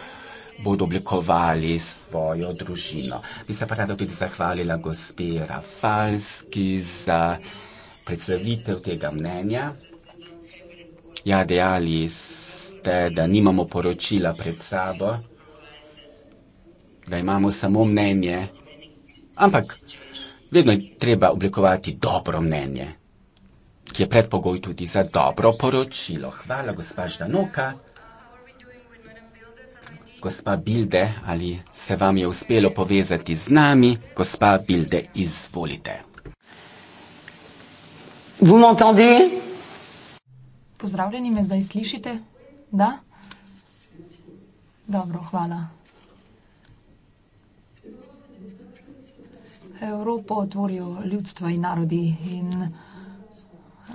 bodo oblikovali svojo družino. Bi se pa rada tudi zahvalila gospe Rafalski za predstavitev tega mnenja. Ja, dejali ste, da nimamo poročila pred sabo, da imamo samo mnenje, ampak. Vedno je treba oblikovati dobro mnenje, ki je predpogoj tudi za dobro poročilo. Hvala, gospa Ždanoka. Gospa Bilde, ali se vam je uspelo povezati z nami? Gospa Bilde, izvolite. Pozdravljeni, me zdaj slišite? Da? Dobro, hvala. Evropo tvorijo ljudstva in narodi in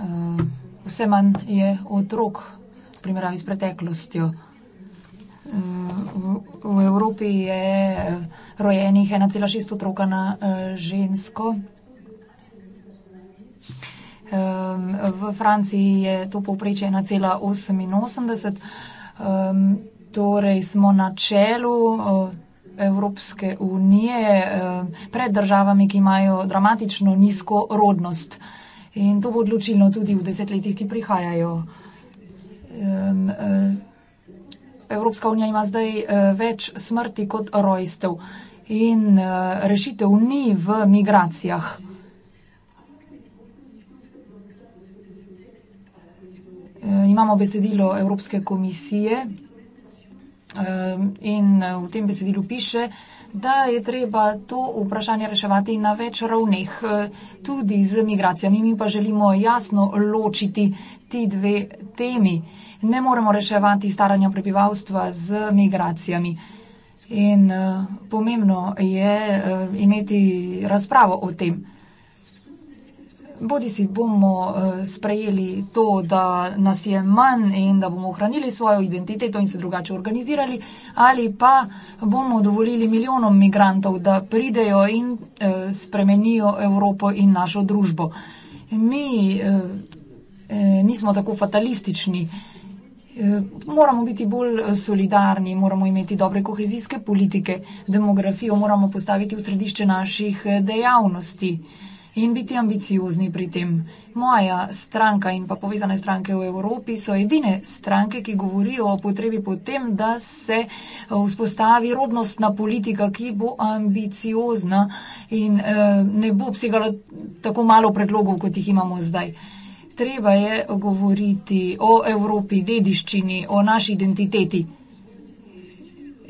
uh, vse manj je otrok v primeravi s preteklostjo. Uh, v, v Evropi je eh, rojenih 1,6 otroka na uh, žensko. Um, v Franciji je to povprečje 1,88. Um, torej smo na čelu. Uh, Evropske unije eh, pred državami, ki imajo dramatično nizko rodnost. In to bo odločilno tudi v desetletjih, ki prihajajo. Eh, Evropska unija ima zdaj eh, več smrti kot rojstev in rešitev ni v migracijah. Imamo besedilo Evropske komisije. Ehm, in eh, v tem besedilu piše, da je treba to vprašanje reševati na več ravneh, eh, tudi z migracijami. Mi pa želimo jasno ločiti ti dve temi. Ne moremo reševati staranja prebivalstva z migracijami. In eh, pomembno je imeti razpravo o tem bodi si bomo eh, sprejeli to, da nas je manj in da bomo ohranili svojo identiteto in se drugače organizirali, ali pa bomo dovolili milijonom migrantov, da pridejo in eh, spremenijo Evropo in našo družbo. Mi eh, nismo tako fatalistični. Moramo biti bolj solidarni, moramo imeti dobre kohezijske politike, demografijo moramo postaviti v središče naših dejavnosti in biti ambiciozni pri tem. Moja stranka in pa povezane stranke v Evropi so edine stranke, ki govorijo o potrebi po tem, da se eh, vzpostavi rodnostna politika, ki bo ambiciozna in eh, ne bo obsegala tako malo predlogov, kot jih imamo zdaj. Treba je govoriti o Evropi, dediščini, o naši identiteti.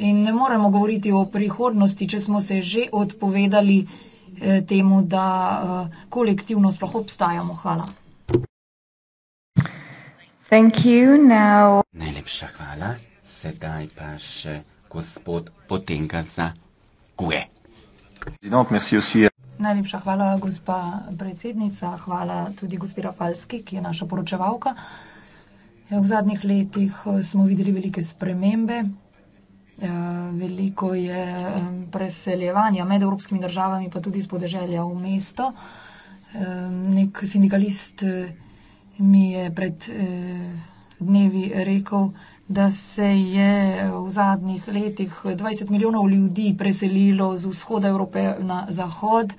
In ne moremo govoriti o prihodnosti, če smo se že odpovedali. Eh, temu, da eh, kolektivno sploh obstajamo. Hvala. Now... Najlepša hvala. Sedaj pa še gospod Potenka za Gue. Najlepša hvala, gospa predsednica. Hvala tudi gospi Rafalski, ki je naša poročevalka. V zadnjih letih eh, smo videli velike spremembe. Eh, veliko je preseljevanja med evropskimi državami, pa tudi iz podeželja v mesto. Nek sindikalist eh, mi je pred eh, dnevi rekel, da se je v zadnjih letih 20 milijonov ljudi preselilo z vzhoda Evrope na zahod.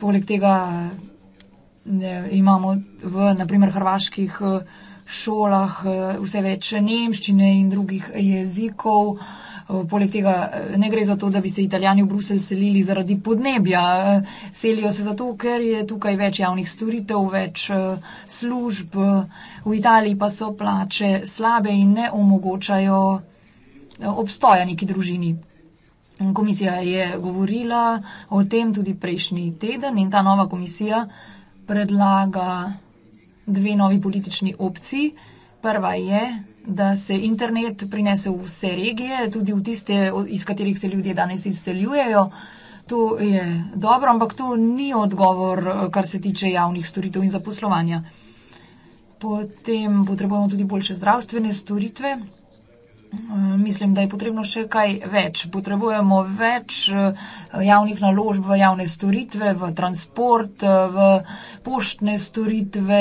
Poleg tega ne, imamo v naprimer hrvaških šolah eh, vse več nemščine in drugih jezikov. Eh, poleg tega eh, ne gre za to, da bi se italijani v Bruselj selili zaradi podnebja. Selijo se zato, ker je tukaj več javnih storitev, več služb, v Italiji pa so plače slabe in ne omogočajo obstoja neki družini. Komisija je govorila o tem tudi prejšnji teden in ta nova komisija predlaga dve novi politični opciji. Prva je, da se internet prinese v vse regije, tudi v tiste, iz katerih se ljudje danes izseljujejo. To je dobro, ampak to ni odgovor, kar se tiče javnih storitev in zaposlovanja. Potem potrebujemo tudi boljše zdravstvene storitve. Eh, mislim, da je potrebno še kaj več. Potrebujemo več eh, javnih naložb v javne storitve, v transport, eh, v poštne storitve,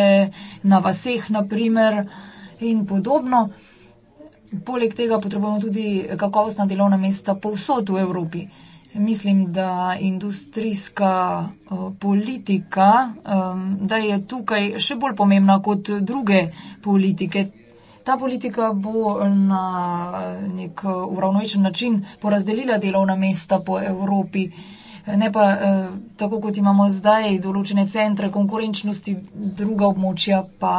na vaseh naprimer in podobno. Poleg tega potrebujemo tudi kakovostna delovna mesta povsod v Evropi. Mislim, da industrijska politika, da je tukaj še bolj pomembna kot druge politike ta politika bo na eh, nek eh, uravnovečen način porazdelila delovna mesta po Evropi. Ne pa eh, tako, kot imamo zdaj določene centre konkurenčnosti, druga območja pa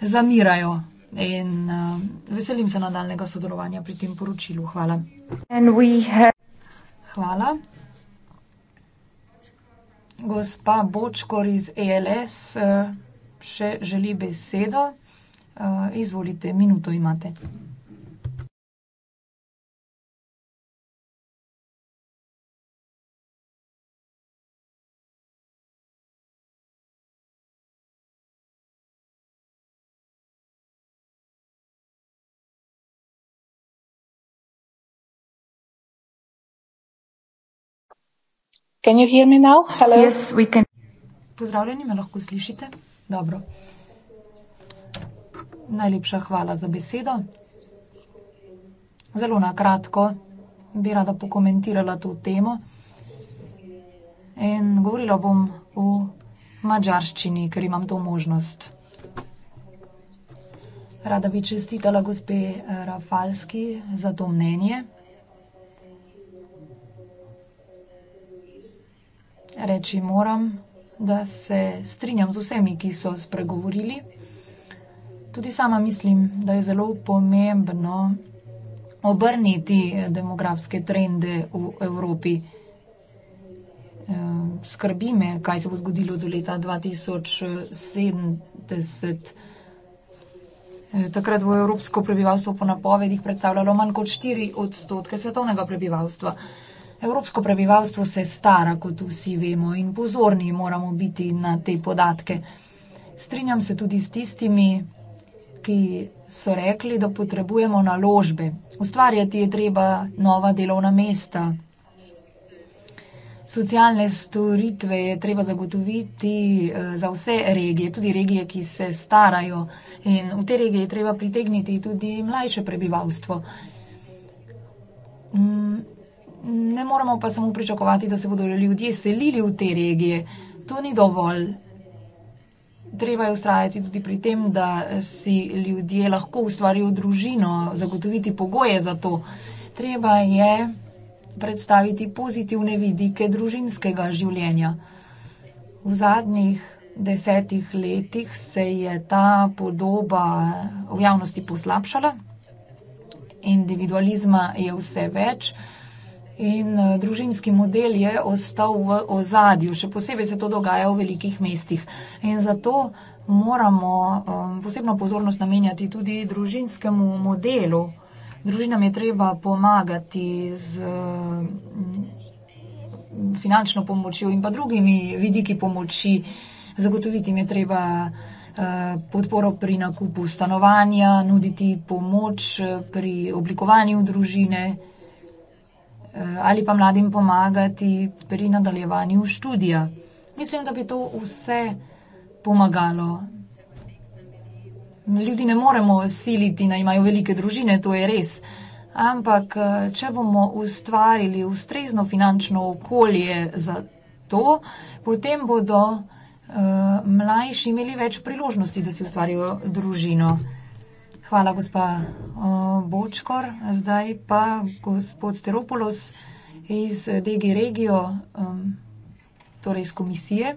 zamirajo. In veselim se nadaljnega sodelovanja pri tem poročilu. Hvala. Hvala. Gospa Bočkor iz ELS še želi besedo. Izvolite, minuto imate. Can you hear me now? Hello. Yes, we can. Pozdravljeni, me lahko slišite? Dobro. Najlepša hvala za besedo. Zelo na kratko bi rada pokomentirala to temo in govorila bom v mačarščini, ker imam to možnost. Rada bi čestitala gospe eh, Rafalski za to mnenje. Reči moram, da se strinjam z vsemi, ki so spregovorili. Tudi sama mislim, da je zelo pomembno obrniti eh, demografske trende v Evropi. Eh, skrbi me, kaj se bo zgodilo do leta 2070. Eh, takrat bo evropsko prebivalstvo po napovedih predstavljalo manj kot 4 odstotke svetovnega prebivalstva. Evropsko prebivalstvo se stara, kot vsi vemo, in pozorni moramo biti na te podatke. Strinjam se tudi s tistimi, ki so rekli, da potrebujemo naložbe. Ustvarjati je treba nova delovna mesta. Socialne storitve je treba zagotoviti eh, za vse regije, tudi regije, ki se starajo. In v te regije je treba pritegniti tudi mlajše prebivalstvo. Mm, ne moramo pa samo pričakovati, da se bodo ljudje selili v te regije. To ni dovolj treba je ustrajati tudi pri tem, da si ljudje lahko ustvarijo družino, zagotoviti pogoje za to. Treba je predstaviti pozitivne vidike družinskega življenja. V zadnjih desetih letih se je ta podoba v javnosti poslabšala, individualizma je vse več. In eh, družinski model je ostal v ozadju, še posebej se to dogaja v velikih mestih. In zato moramo eh, posebno pozornost namenjati tudi družinskemu modelu. Družinam je treba pomagati z mm, finančno pomočjo in pa drugimi vidiki pomoči. Zagotoviti je treba eh, podporo pri nakupu stanovanja, nuditi pomoč pri oblikovanju družine. Eh, ali pa mladim pomagati pri nadaljevanju študija. Mislim, da bi to vse pomagalo. Ljudi ne moremo siliti, da imajo velike družine, to je res. Ampak, eh, če bomo ustvarili ustrezno finančno okolje za to, potem bodo uh, mlajši imeli več priložnosti, da si ustvarijo družino. Uh, Hvala, gospa Bočkor. Zdaj pa gospod Steropolos iz DG Regio, um, torej iz komisije.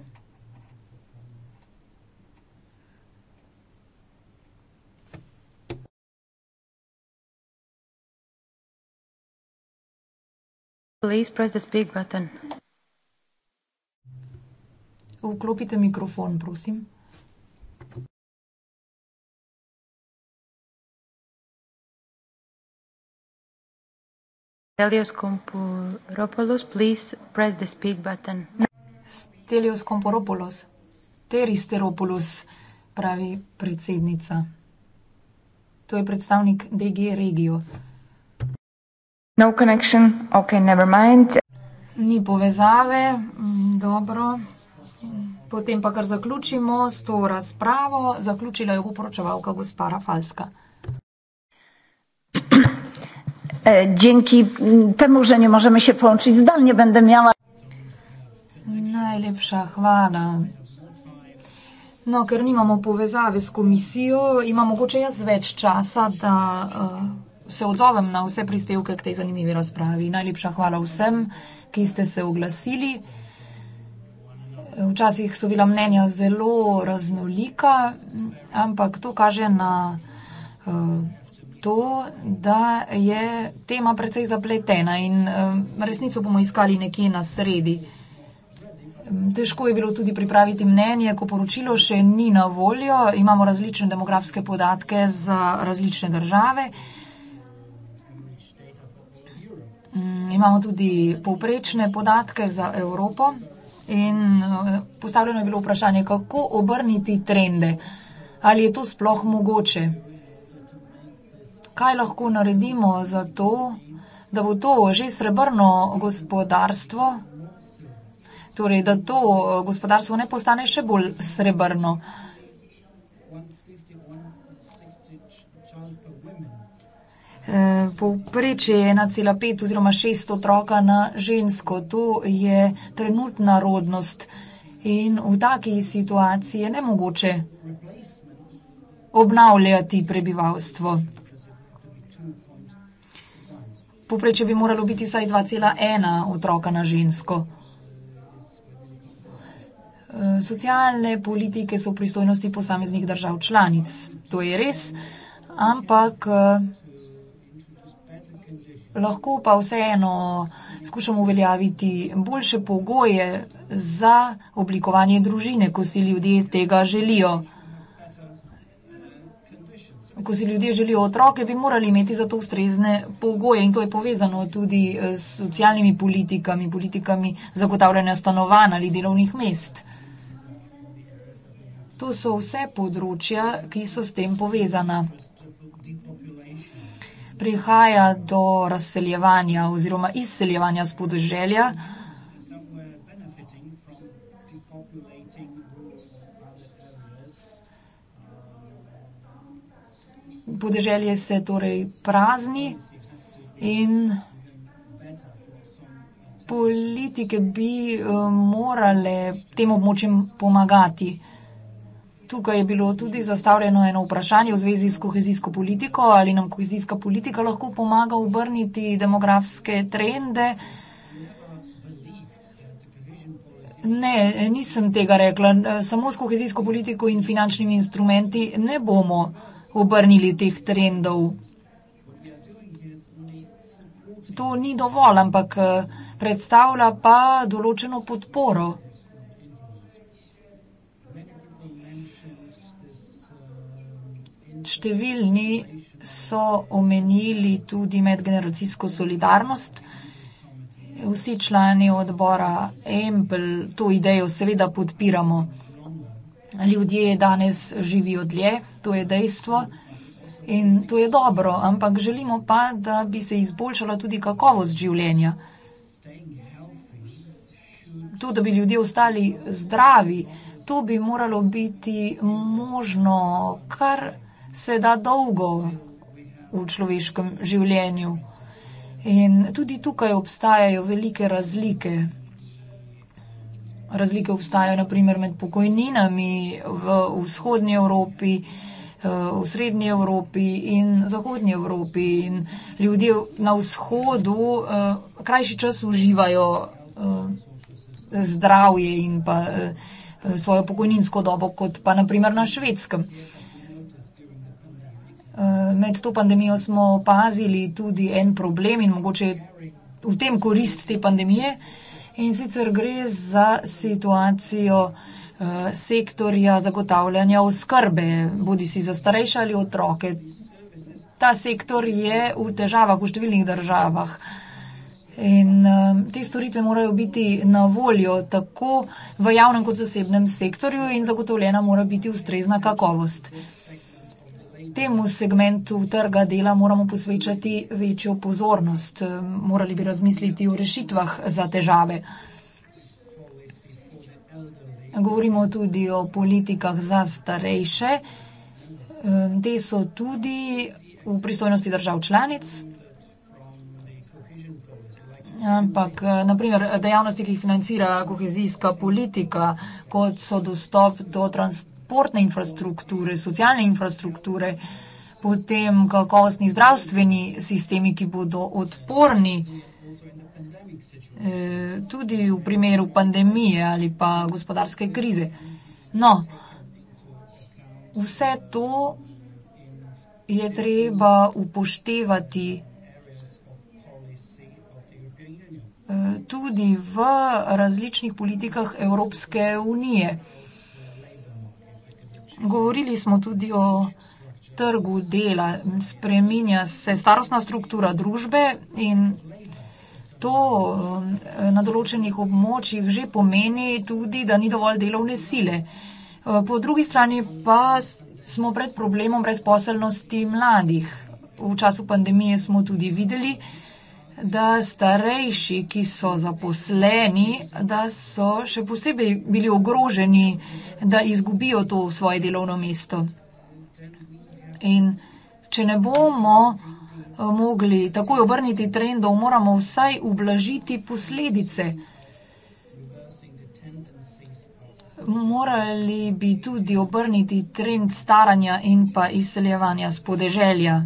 Vklopite mikrofon, prosim. Stelios Komporopoulos, please press the speak button. Stelios Komporopoulos, Teristeropoulos, pravi predsednica. To je predstavnik DG Regio. No connection, ok, never mind. Ni povezave, mm, dobro. Potem pa kar zaključimo s to razpravo. Zaključila je poročevalka gospa Rafalska. E, dzięki temu, że nie możemy się połączyć zdalnie, będę miała. Najlepsza chwala. No, ker nimamo povezave s komisijo, imam mogoče jaz več časa, da uh, se odzovem na vse prispevke k tej zanimivi razpravi. Najlepša hvala vsem, ki ste se oglasili. Včasih so bila mnenja zelo raznolika, ampak to kaže na uh, to, da je tema precej zapletena in resnico bomo iskali nekje na sredi. Težko je bilo tudi pripraviti mnenje, ko poročilo še ni na voljo. Imamo različne demografske podatke za različne države. Mm, imamo tudi povprečne podatke za Evropo. In eh, postavljeno je bilo vprašanje, kako obrniti trende. Ali je to sploh mogoče? kaj lahko naredimo za to, da bo to že srebrno gospodarstvo, torej da to eh, gospodarstvo ne postane še bolj srebrno. Eh, Poprečje je 1,5 oziroma 6 otroka na žensko. To je trenutna rodnost in v taki situaciji je nemogoče obnavljati prebivalstvo. Poprečje bi moralo biti vsaj 2,1 otroka na žensko. Eh, socialne politike so v pristojnosti posameznih držav članic. To je res, ampak eh, lahko pa vseeno skušamo uveljaviti boljše pogoje za oblikovanje družine, ko si ljudje tega želijo ko si ljudje želijo otroke, bi morali imeti za to ustrezne pogoje in to je povezano tudi eh, s socialnimi politikami, politikami zagotavljanja stanovanj ali delovnih mest. To so vse področja, ki so s tem povezana. Prihaja do razseljevanja oziroma izseljevanja spodoželja, podeželje se torej prazni in politike bi eh, morale tem območjem pomagati. Tukaj je bilo tudi zastavljeno eno vprašanje v zvezi s kohezijsko politiko, ali nam kohezijska politika lahko pomaga obrniti demografske trende. Ne, nisem tega rekla. Samo s kohezijsko politiko in finančnimi instrumenti ne bomo obrnili teh trendov. To ni dovolj, ampak eh, predstavlja pa določeno podporo. Številni so omenili tudi medgeneracijsko solidarnost. Vsi člani odbora Empel to idejo seveda podpiramo ljudje danes živijo dlje, to je dejstvo. In to je dobro, ampak želimo pa, da bi se izboljšala tudi kakovost življenja. To, da bi ljudje ostali zdravi, to bi moralo biti možno, kar se da dolgo v človeškem življenju. In tudi tukaj obstajajo velike razlike razlike obstajajo naprimer med pokojninami v vzhodnji Evropi, eh, v srednji Evropi in zahodnji Evropi. In ljudje na vzhodu eh, krajši čas uživajo eh, zdravje in pa svojo pokojninsko dobo, kot pa naprimer na švedskem. Med to pandemijo smo opazili tudi en problem in mogoče v tem korist te pandemije, In sicer gre za situacijo eh, sektorja zagotavljanja oskrbe, bodi si za starejše ali otroke. Ta sektor je v težavah v številnih državah. In eh, te storitve morajo biti na voljo tako v javnem kot zasebnem sektorju in zagotovljena mora biti ustrezna kakovost temu segmentu trga dela moramo posvečati večjo pozornost. Morali bi razmisliti o rešitvah za težave. Govorimo tudi o politikah za starejše. Te so tudi v pristojnosti držav članic. Ampak, naprimer, dejavnosti, ki jih financira kohezijska politika, kot so dostop do transporta, športne infrastrukture, socialne infrastrukture, potem kakovostni zdravstveni sistemi, ki bodo odporni eh, tudi v primeru pandemije ali pa gospodarske krize. No, vse to je treba upoštevati eh, tudi v različnih politikah Evropske unije. Govorili smo tudi o trgu dela, spreminja se starostna struktura družbe in to um, na določenih območjih že pomeni tudi, da ni dovolj delovne sile. Uh, po drugi strani pa smo pred problemom brezposelnosti mladih. V času pandemije smo tudi videli, da da starejši, ki so zaposleni, da so še posebej bili ogroženi, da izgubijo to svoje delovno mesto. In če ne bomo eh, mogli takoj obrniti trendov, moramo vsaj ublažiti posledice. Morali bi tudi obrniti trend staranja in pa izseljevanja spodeželja.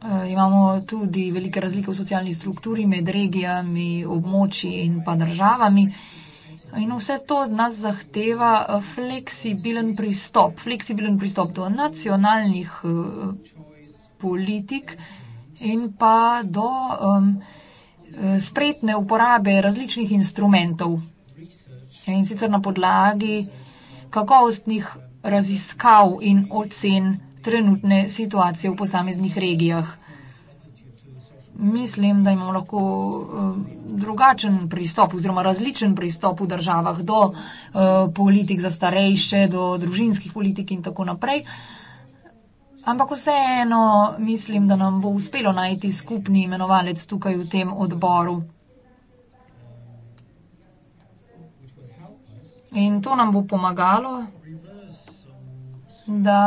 Eh, imamo tudi velike razlike v socialni strukturi med regijami, območji in pa državami. In vse to od nas zahteva eh, fleksibilen pristop, fleksibilen pristop do nacionalnih eh, politik in pa do spretne uporabe različnih instrumentov. In sicer na podlagi kakovostnih raziskav in ocen trenutne situacije v posameznih regijah. Mislim, da imamo lahko eh, drugačen pristop oziroma različen pristop v državah do eh, politik za starejše, do družinskih politik in tako naprej. Ampak vseeno mislim, da nam bo uspelo najti skupni imenovalec tukaj v tem odboru. In to nam bo pomagalo, da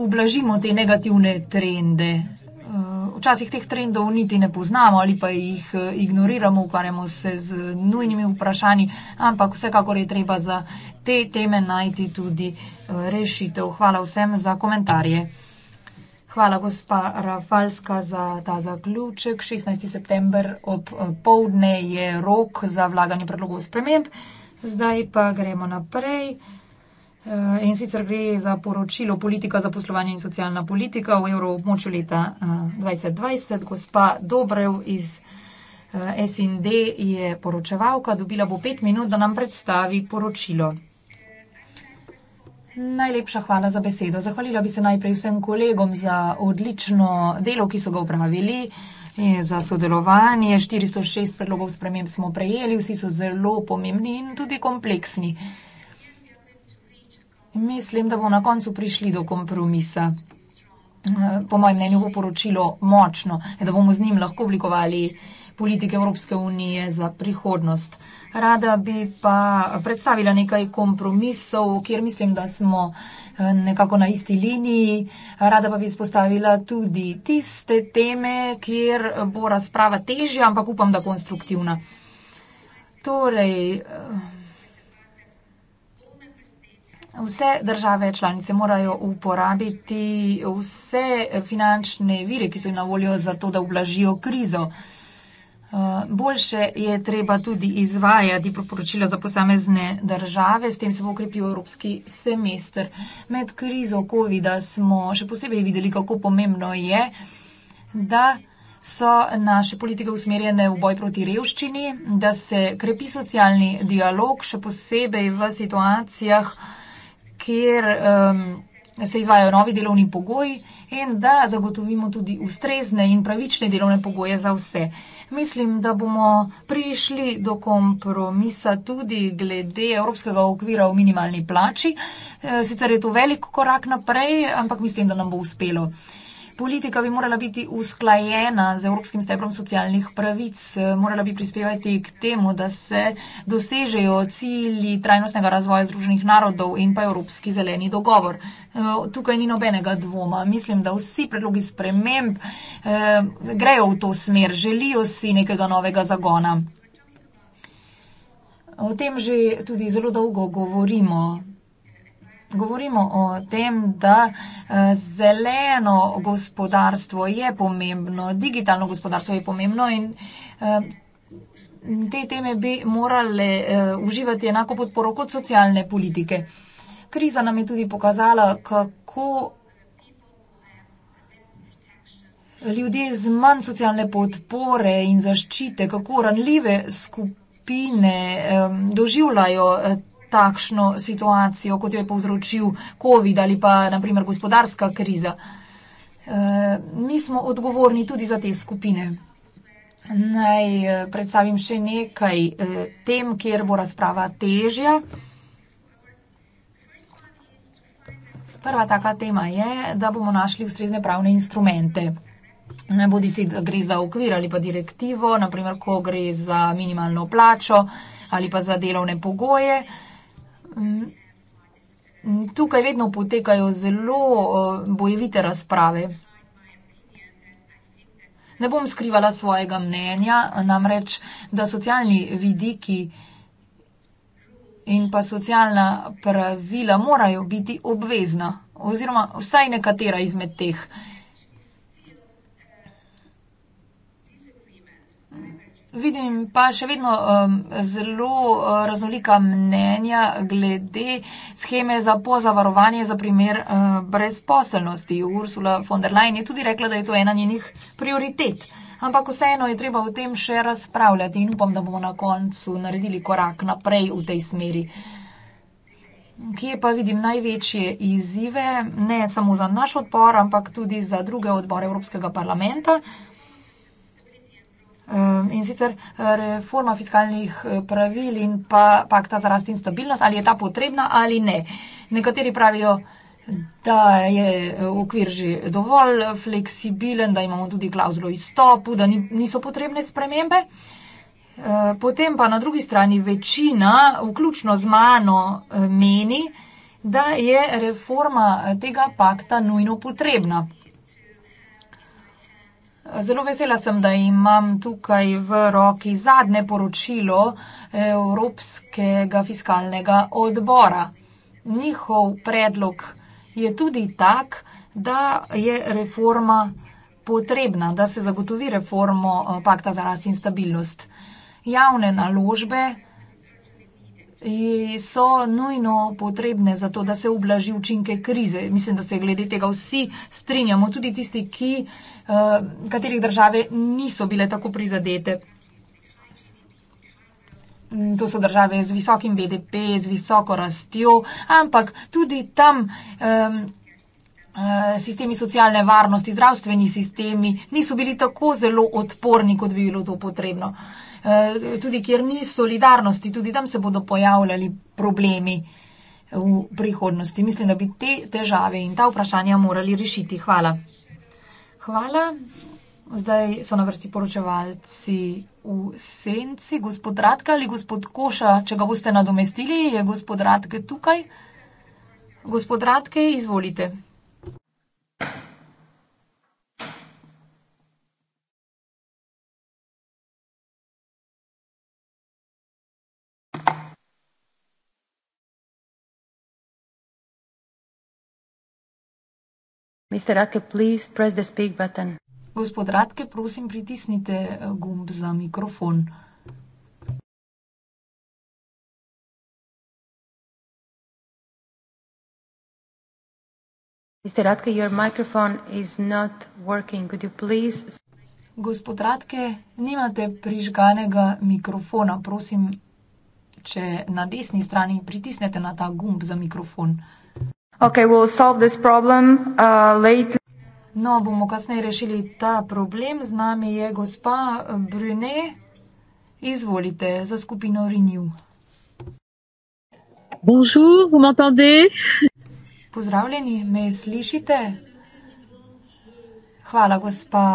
ublažimo te negativne trende. Eh, včasih teh trendov niti ne poznamo ali pa jih eh, ignoriramo, ukvarjamo se z nujnimi vprašanji, ampak vsekakor je treba za te teme najti tudi eh, rešitev. Hvala vsem za komentarje. Hvala, gospa Rafalska, za ta zaključek. 16. september ob povdne je rok za vlaganje predlogov sprememb. Zdaj pa gremo naprej. Eh, in sicer gre za poročilo politika za poslovanje in socialna politika v evroobmočju leta 2020. Eh, Gospa Dobrev iz eh, SND je poročevalka, dobila bo pet minut, da nam predstavi poročilo. Najlepša hvala za besedo. Zahvalila bi se najprej vsem kolegom za odlično delo, ki so ga upravili. In za sodelovanje 406 predlogov sprememb smo prejeli, vsi so zelo pomembni in tudi kompleksni. Uh, mislim, da bomo na koncu prišli do kompromisa. Po mojem mnenju bo poročilo močno, da bomo z njim lahko oblikovali politike Evropske unije za prihodnost. Rada bi pa predstavila nekaj kompromisov, kjer mislim, da smo eh, nekako na isti liniji. Rada pa bi izpostavila tudi tiste teme, kjer bo razprava težja, ampak upam, da konstruktivna. Torej, eh, Vse države članice morajo uporabiti vse finančne vire, ki so jim na voljo za to, da oblažijo krizo. Uh, boljše je treba tudi izvajati priporočila za posamezne države, s tem se bo ukrepil evropski semester. Med krizo COVID-19 smo še posebej videli, kako pomembno je, da so naše politike usmerjene v boj proti revščini, da se krepi socialni dialog, še posebej v situacijah, kjer um, se izvajajo novi delovni pogoji in da zagotovimo tudi ustrezne in pravične delovne pogoje za vse. Mislim, da bomo prišli do kompromisa tudi glede evropskega okvira v minimalni plači. E, sicer je to velik korak naprej, ampak mislim, da nam bo uspelo. Uh, politika bi morala biti usklajena z evropskim stebrom socialnih pravic, morala bi prispevati k temu, da se dosežejo cilji trajnostnega razvoja Združenih narodov in pa Evropski zeleni dogovor. E, tukaj ni nobenega dvoma. Mislim, da vsi predlogi sprememb eh, grejo v to smer, želijo si nekega novega zagona. O tem že tudi zelo dolgo govorimo govorimo o tem, da eh, zeleno gospodarstvo je pomembno, digitalno gospodarstvo je pomembno in eh, te teme bi morale eh, uživati enako podporo kot socialne politike. Kriza nam je tudi pokazala, kako ljudje z manj socialne podpore in zaščite, kako ranljive skupine doživljajo te, takšno situacijo, kot jo je povzročil COVID ali pa naprimer gospodarska kriza. E, mi smo odgovorni tudi za te skupine. Naj e, predstavim še nekaj e, tem, kjer bo razprava težja. Prva taka tema je, da bomo našli ustrezne pravne instrumente. Bodi si, da gre za okvir ali pa direktivo, naprimer, ko gre za minimalno plačo ali pa za delovne pogoje. Mm, tukaj vedno potekajo zelo eh, bojevite razprave. Ne bom skrivala svojega mnenja, namreč, da socialni vidiki in pa socialna pravila morajo biti obvezna oziroma vsaj nekatera izmed teh. Vidim pa še vedno um, zelo uh, raznolika mnenja glede scheme za pozavarovanje za primer uh, brezposelnosti. Ursula von der Leyen je tudi rekla, da je to ena njenih prioritet. Ampak vseeno je treba o tem še razpravljati in upam, da bomo na koncu naredili korak naprej v tej smeri. Kje pa vidim največje izzive, ne samo za naš odbor, ampak tudi za druge odbore Evropskega parlamenta. In sicer reforma fiskalnih eh, pravil in pa pakta za rast in stabilnost, ali je ta potrebna ali ne. Nekateri pravijo, da je eh, okvir že dovolj fleksibilen, da imamo tudi klauzulo izstopu, da niso potrebne spremembe. Eh, potem pa na drugi strani večina, vključno z mano, meni, da je reforma tega pakta nujno potrebna. Zelo vesela sem, da imam tukaj v roki zadnje poročilo Evropskega fiskalnega odbora. Njihov predlog je tudi tak, da je reforma potrebna, da se zagotovi reformo eh, pakta za rast in stabilnost. Javne naložbe, Eh, so nujno potrebne za to, da se ublaži učinke krize. Mislim, da se glede tega vsi strinjamo, tudi tisti, ki, eh, katerih države niso bile tako prizadete. Mm, to so države z visokim BDP, z visoko rastjo, ampak tudi tam eh, sistemi socialne varnosti, zdravstveni sistemi niso bili tako zelo odporni, kot bi bilo to potrebno. Eh, tudi kjer ni solidarnosti, tudi tam se bodo pojavljali problemi v prihodnosti. Mislim, da bi te težave in ta vprašanja morali rešiti. Hvala. Hvala. Zdaj so na vrsti poročevalci v senci. Gospod Radka ali gospod Koša, če ga boste nadomestili, je gospod Radke tukaj. Gospod Radke, izvolite. Mr. Ratke, please press the speak button. Gospod Ratke, prosim, pritisnite eh, gumb za mikrofon. Mr. Ratke, your microphone is not working. Could you please... Gospod Ratke, nimate prižganega mikrofona. Prosim, če na desni strani pritisnete na ta gumb za mikrofon. Okay, we'll solve this problem uh, later. No, bomo kasneje rešili ta problem. Z nami je gospa eh, Brune. Izvolite za skupino Renew. Bonjour, vous m'entendez? Pozdravljeni, me slišite? Hvala, gospa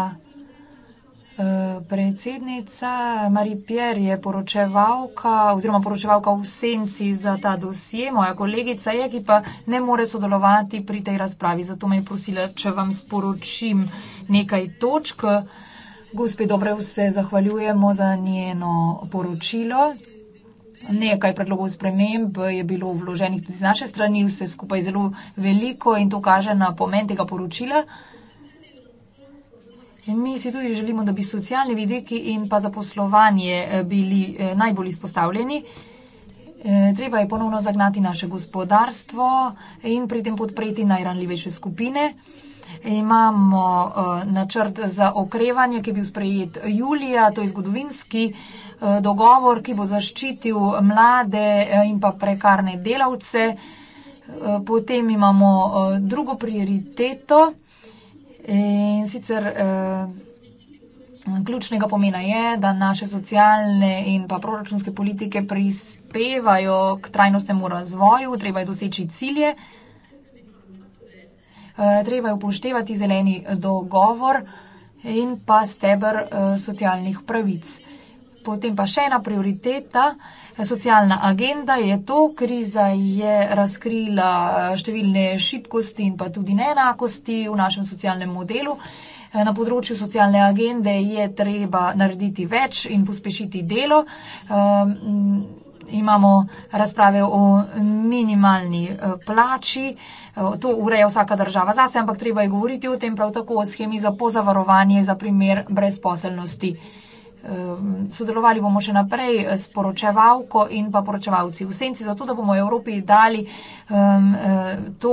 Predsednica Marie Pierre je poročevalka oziroma poročevalka v senci za ta dosje, moja kolegica je, ki pa ne more sodelovati pri tej razpravi, zato me je prosila, če vam sporočim nekaj točk. Gospe Dobre, vse zahvaljujemo za njeno poročilo. Nekaj predlogov sprememb je bilo vloženih z naše strani, vse skupaj zelo veliko in to kaže na pomen tega poročila. Mi si tudi želimo, da bi socialni vidiki in pa zaposlovanje eh, bili eh, najbolj izpostavljeni. Eh, treba je ponovno zagnati naše gospodarstvo in pri tem podpreti najranljivejše skupine. Imamo načrt za okrevanje, ki je bil sprejet julija, to je zgodovinski dogovor, ki bo zaščitil mlade in pa prekarne delavce. Potem imamo drugo prioriteto. In sicer eh, ključnega pomena je, da naše socialne in pa proračunske politike prispevajo k trajnostnemu razvoju, treba je doseči cilje, eh, treba je upoštevati zeleni eh, dogovor in pa steber eh, socialnih pravic. Potem pa še ena prioriteta, socialna agenda je to, kriza je razkrila eh, številne šibkosti in pa tudi neenakosti v našem socialnem modelu. Eh, na področju socialne agende je treba narediti več in pospešiti delo. Ehm, imamo razprave o minimalni eh, plači, to ureja vsaka država zase, ampak treba je govoriti o tem prav tako o schemi za pozavarovanje za primer brezposelnosti sodelovali bomo še naprej eh, s poročevalko in pa poročevalci v senci, zato da bomo Evropi dali eh, to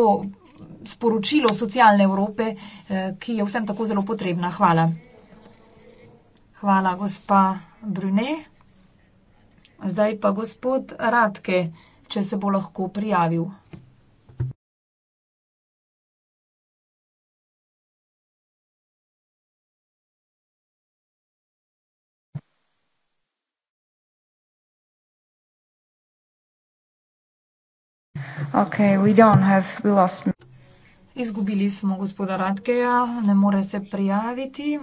sporočilo socialne Evrope, eh, ki je vsem tako zelo potrebna. Hvala. Hvala, gospa Brune. Zdaj pa gospod Radke, če se bo lahko prijavil. Okay, Izgubili smo gospoda Radkeja, ne more se prijaviti.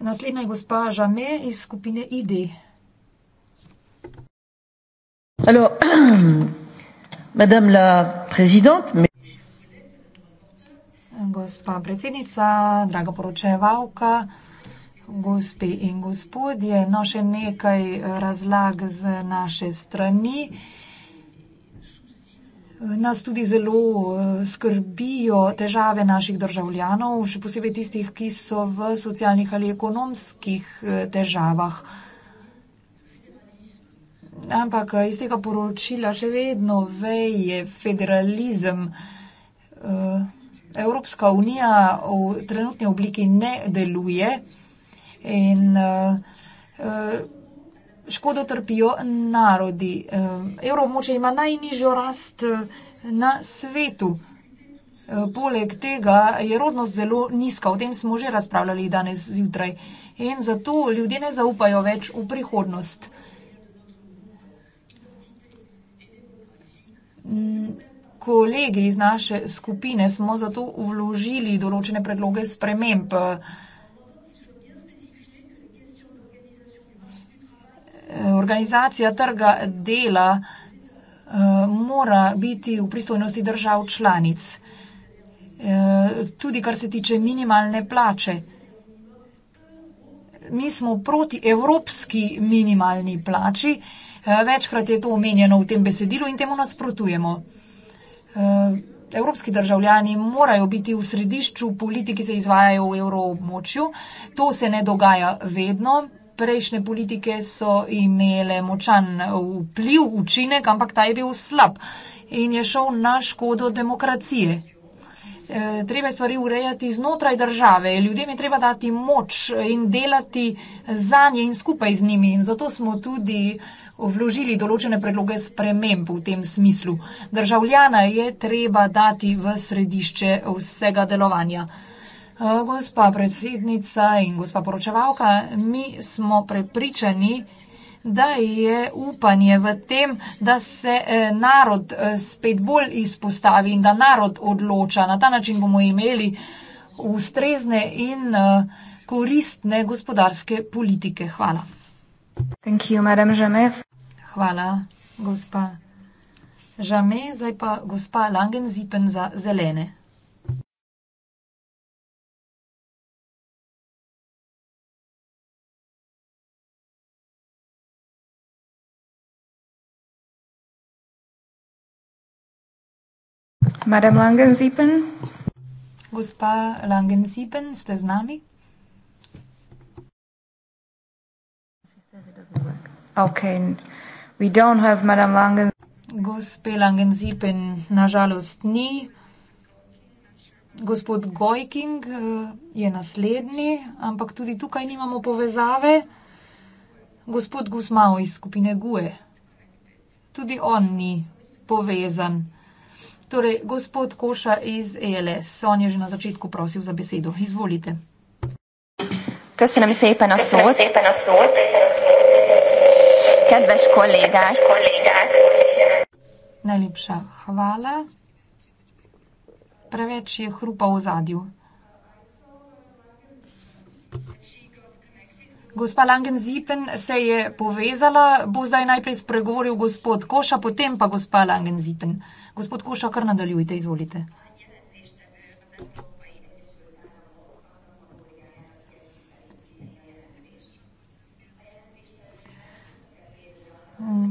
Naslednja je gospa Žame iz skupine ID. Alo, madame la prezidente. Gospa predsednica, draga poročevalka, gospe in gospodje, no še nekaj eh, razlag z naše strani. Nas tudi zelo eh, skrbijo težave naših državljanov, še posebej tistih, ki so v socialnih ali ekonomskih eh, težavah. Ampak eh, iz tega poročila še vedno veje federalizem. Evropska unija v trenutni obliki ne deluje in škodo trpijo narodi. Eh, evroobmočje ima najnižjo rast eh, na svetu. Eh, poleg tega je rodnost zelo nizka, o tem smo že razpravljali danes zjutraj. In zato ljudje ne zaupajo več v prihodnost. Mm, kolegi iz naše skupine smo zato vložili določene predloge sprememb. organizacija trga dela eh, mora biti v pristojnosti držav članic. Eh, tudi kar se tiče minimalne plače. Mi smo proti evropski minimalni plači. Eh, večkrat je to omenjeno v tem besedilu in temu nasprotujemo. Evropski državljani morajo biti v središču politiki, ki se izvajajo v evroobmočju. To se ne dogaja vedno prejšnje politike so imele močan uh, vpliv, učinek, ampak ta je bil slab in je šel na škodo demokracije. Eh, treba je stvari urejati znotraj države, ljudem je treba dati moč in delati za nje in skupaj z njimi. In zato smo tudi vložili določene predloge sprememb v tem smislu. Državljana je treba dati v središče vsega delovanja. Eh, gospa predsednica in gospa poročevalka, mi smo prepričani, da je upanje v tem, da se eh, narod eh, spet bolj izpostavi in da narod odloča. Na ta način bomo imeli ustrezne in koristne gospodarske politike. Hvala. You, Hvala, gospa Žame. Zdaj pa gospa Langenzipen za zelene. Madam Langenzipen? Gospa Langenzipen, ste z nami? Okay. We don't have Madam Langen... Gospe Langenzipen nažalost ni. Gospod Gojking eh, je naslednji, ampak tudi tukaj nimamo povezave. Gospod Gusmao iz skupine GUE. Tudi on ni povezan. Torej, gospod Koša iz ELS, on je že na začetku prosil za besedo. Izvolite. Köszönöm szépen a szót. Szépen a szót. Kedves kollégák. kollégák. Najlepša hvala. Preveč je hrupa v zadju. Gospa Langenzipen se je povezala, bo zdaj najprej spregovoril gospod Koša, potem pa gospa Langenzipen. Uh, Gospod Koša, kar nadaljujte, izvolite.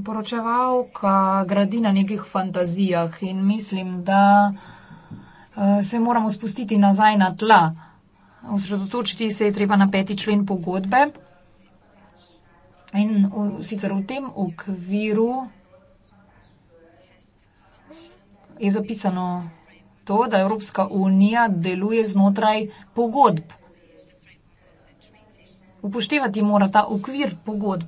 Poročevalka gradi na nekih fantazijah in mislim, da eh, se moramo spustiti nazaj na tla. Osredotočiti se je treba na peti člen pogodbe in sicer v tem okviru je zapisano to, da Evropska unija deluje znotraj pogodb. Upoštevati mora ta okvir pogodb.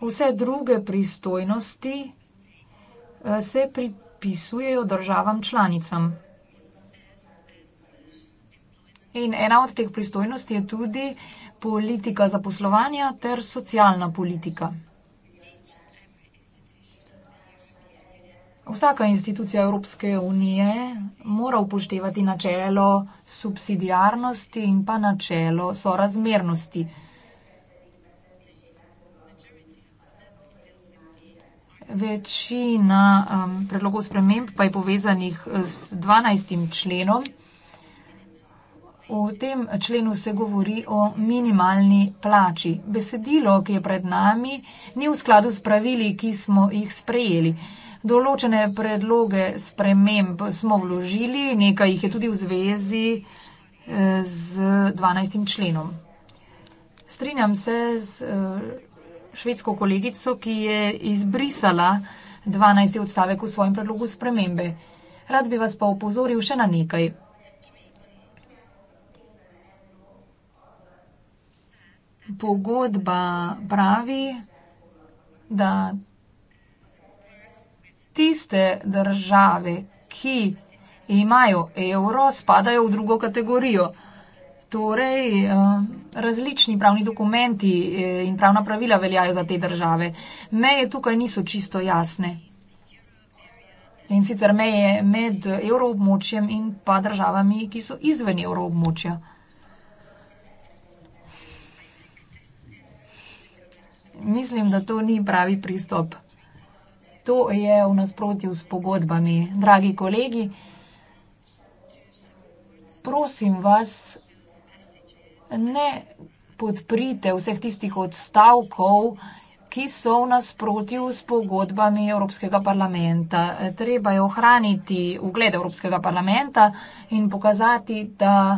Vse druge pristojnosti eh, se pripisujejo državam članicam. In ena od teh pristojnosti je tudi politika zaposlovanja ter socialna politika. Vsaka institucija Evropske unije mora upoštevati načelo subsidijarnosti in pa načelo sorazmernosti. Večina um, predlogov sprememb pa je povezanih s 12. členom. V tem členu se govori o minimalni plači. Besedilo, ki je pred nami, ni v skladu s pravili, ki smo jih sprejeli določene predloge sprememb smo vložili, nekaj jih je tudi v zvezi eh, z 12. členom. Strinjam se z eh, švedsko kolegico, ki je izbrisala 12. odstavek v svojem predlogu spremembe. Rad bi vas pa upozoril še na nekaj. Pogodba pravi, da tiste države, ki imajo evro, spadajo v drugo kategorijo. Torej, eh, različni pravni dokumenti eh, in pravna pravila veljajo za te države. Meje tukaj niso čisto jasne. In sicer meje med evroobmočjem in pa državami, ki so izven evroobmočja. Mislim, da to ni pravi pristop to je v nasprotju s pogodbami. Dragi kolegi, prosim vas, ne podprite vseh tistih odstavkov, ki so v nasprotju s pogodbami Evropskega parlamenta. Treba je ohraniti ugled Evropskega parlamenta in pokazati, da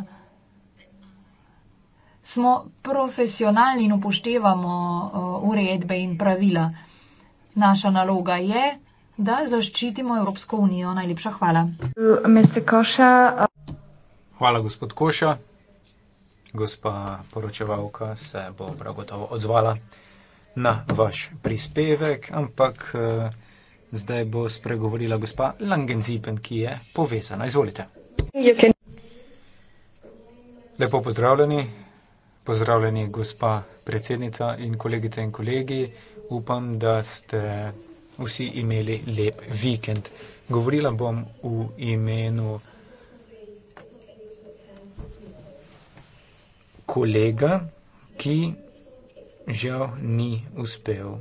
smo profesionalni in upoštevamo uh, uredbe in pravila. Naša naloga je, da zaščitimo Evropsko unijo. Najlepša hvala. Hvala, gospod Koša. Gospa poročevalka se bo prav gotovo odzvala na vaš prispevek, ampak eh, zdaj bo spregovorila gospa Langenzipen, ki je povezana. Izvolite. Lepo pozdravljeni. Pozdravljeni, gospa predsednica in kolegice in kolegi. Eh, upam, da ste vsi imeli lep vikend. Govorila bom v imenu kolega, ki žal ni uspel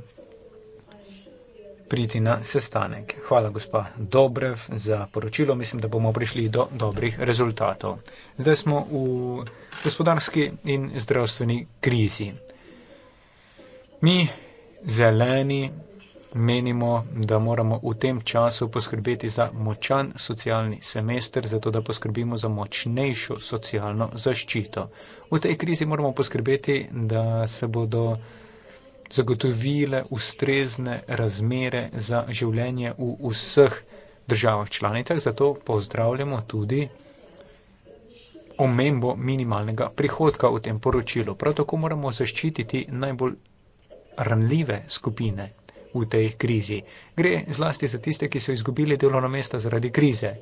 priti na sestanek. Hvala, gospa Dobrev, za poročilo. Mislim, da bomo prišli do dobrih rezultatov. Zdaj smo v gospodarski in zdravstveni krizi. Mi zeleni menimo, da moramo v tem času poskrbeti za močan socialni semester, zato da poskrbimo za močnejšo socialno zaščito. V tej krizi moramo poskrbeti, da se bodo zagotovile ustrezne razmere za življenje v vseh državah članicah, zato pozdravljamo tudi omembo minimalnega prihodka v tem poročilu. Prav tako moramo zaščititi najbolj ranljive skupine v tej krizi. Gre zlasti za tiste, ki so izgubili delovno mesto zaradi krize.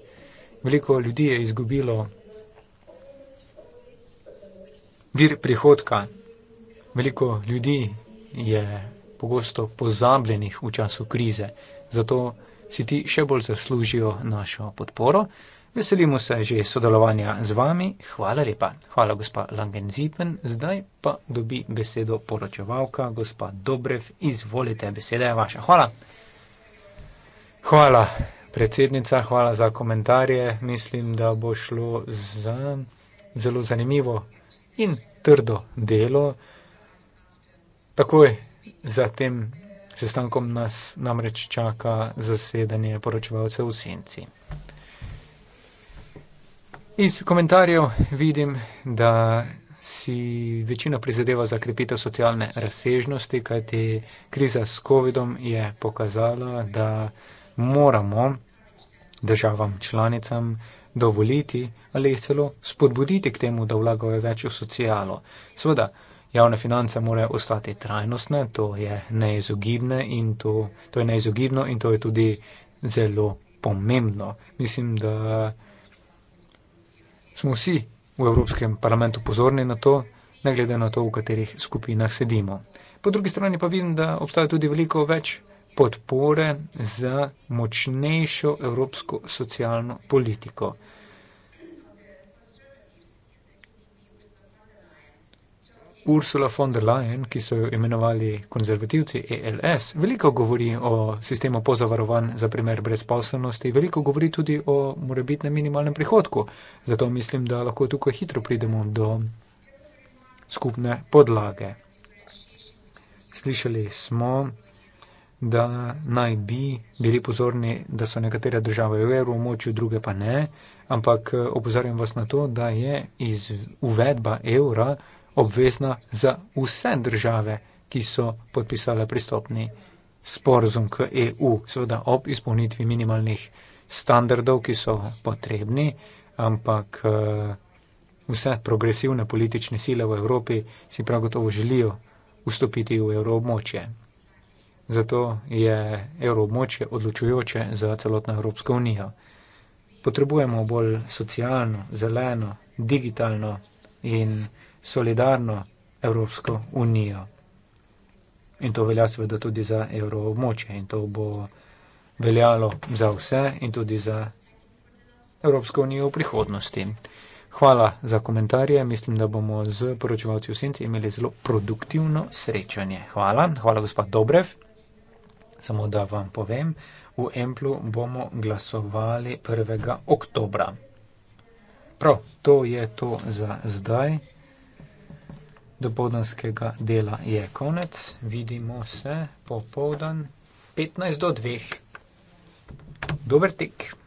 Veliko ljudi je izgubilo vir prihodka, veliko ljudi je pogosto pozabljenih v času krize. Zato si ti še bolj zaslužijo našo podporo. Veselimo se že sodelovanja z vami. Hvala lepa. Hvala, gospa Langenzipen. Zdaj pa dobi besedo poročevalka, gospa Dobrev. Izvolite, beseda je vaša. Hvala. Hvala, predsednica. Hvala za komentarje. Mislim, da bo šlo za zelo zanimivo in trdo delo. Takoj za tem sestankom nas namreč čaka zasedanje poročevalcev v senci. Iz komentarjev vidim, da si večina prizadeva za krepitev socialne razsežnosti, kajti kriza s COVID-om je pokazala, da moramo državam članicam dovoliti ali jih celo spodbuditi k temu, da vlagajo več v socialo. Sveda, javne finance morajo ostati trajnostne, to je neizogibno in to, to je neizogibno in to je tudi zelo pomembno. Mislim, da smo vsi v Evropskem parlamentu pozorni na to, ne glede na to, v katerih skupinah sedimo. Po drugi strani pa vidim, da obstaja tudi veliko več podpore za močnejšo evropsko socialno politiko. Ursula von der Leyen, ki so jo imenovali konzervativci ELS, veliko govori o sistemu pozavarovanj za primer brezposelnosti, veliko govori tudi o morebitnem minimalnem prihodku. Zato mislim, da lahko tukaj hitro pridemo do skupne podlage. Slišali smo, da naj bi bili pozorni, da so nekatere države v evru močju, druge pa ne, ampak eh, opozarjam vas na to, da je iz uvedba evra obvezna za vse države, ki so podpisale pristopni sporozum k EU, seveda ob izpolnitvi minimalnih standardov, ki so potrebni, ampak eh, vse progresivne politične sile v Evropi si prav gotovo želijo vstopiti v evroobmočje. Zato je evroobmočje odločujoče za celotno Evropsko unijo. Potrebujemo bolj socialno, zeleno, digitalno in solidarno Evropsko unijo. In to velja seveda tudi za evroobmočje in to bo veljalo za vse in tudi za Evropsko unijo v prihodnosti. Hvala za komentarje. Mislim, da bomo z poročevalci v Sinci imeli zelo produktivno srečanje. Hvala. Hvala, gospod Dobrev. Samo da vam povem, v Emplu bomo glasovali 1. oktobra. Prav, to je to za zdaj dopoldanskega dela je konec. Vidimo se popoldan 15 do 2. Dober tek.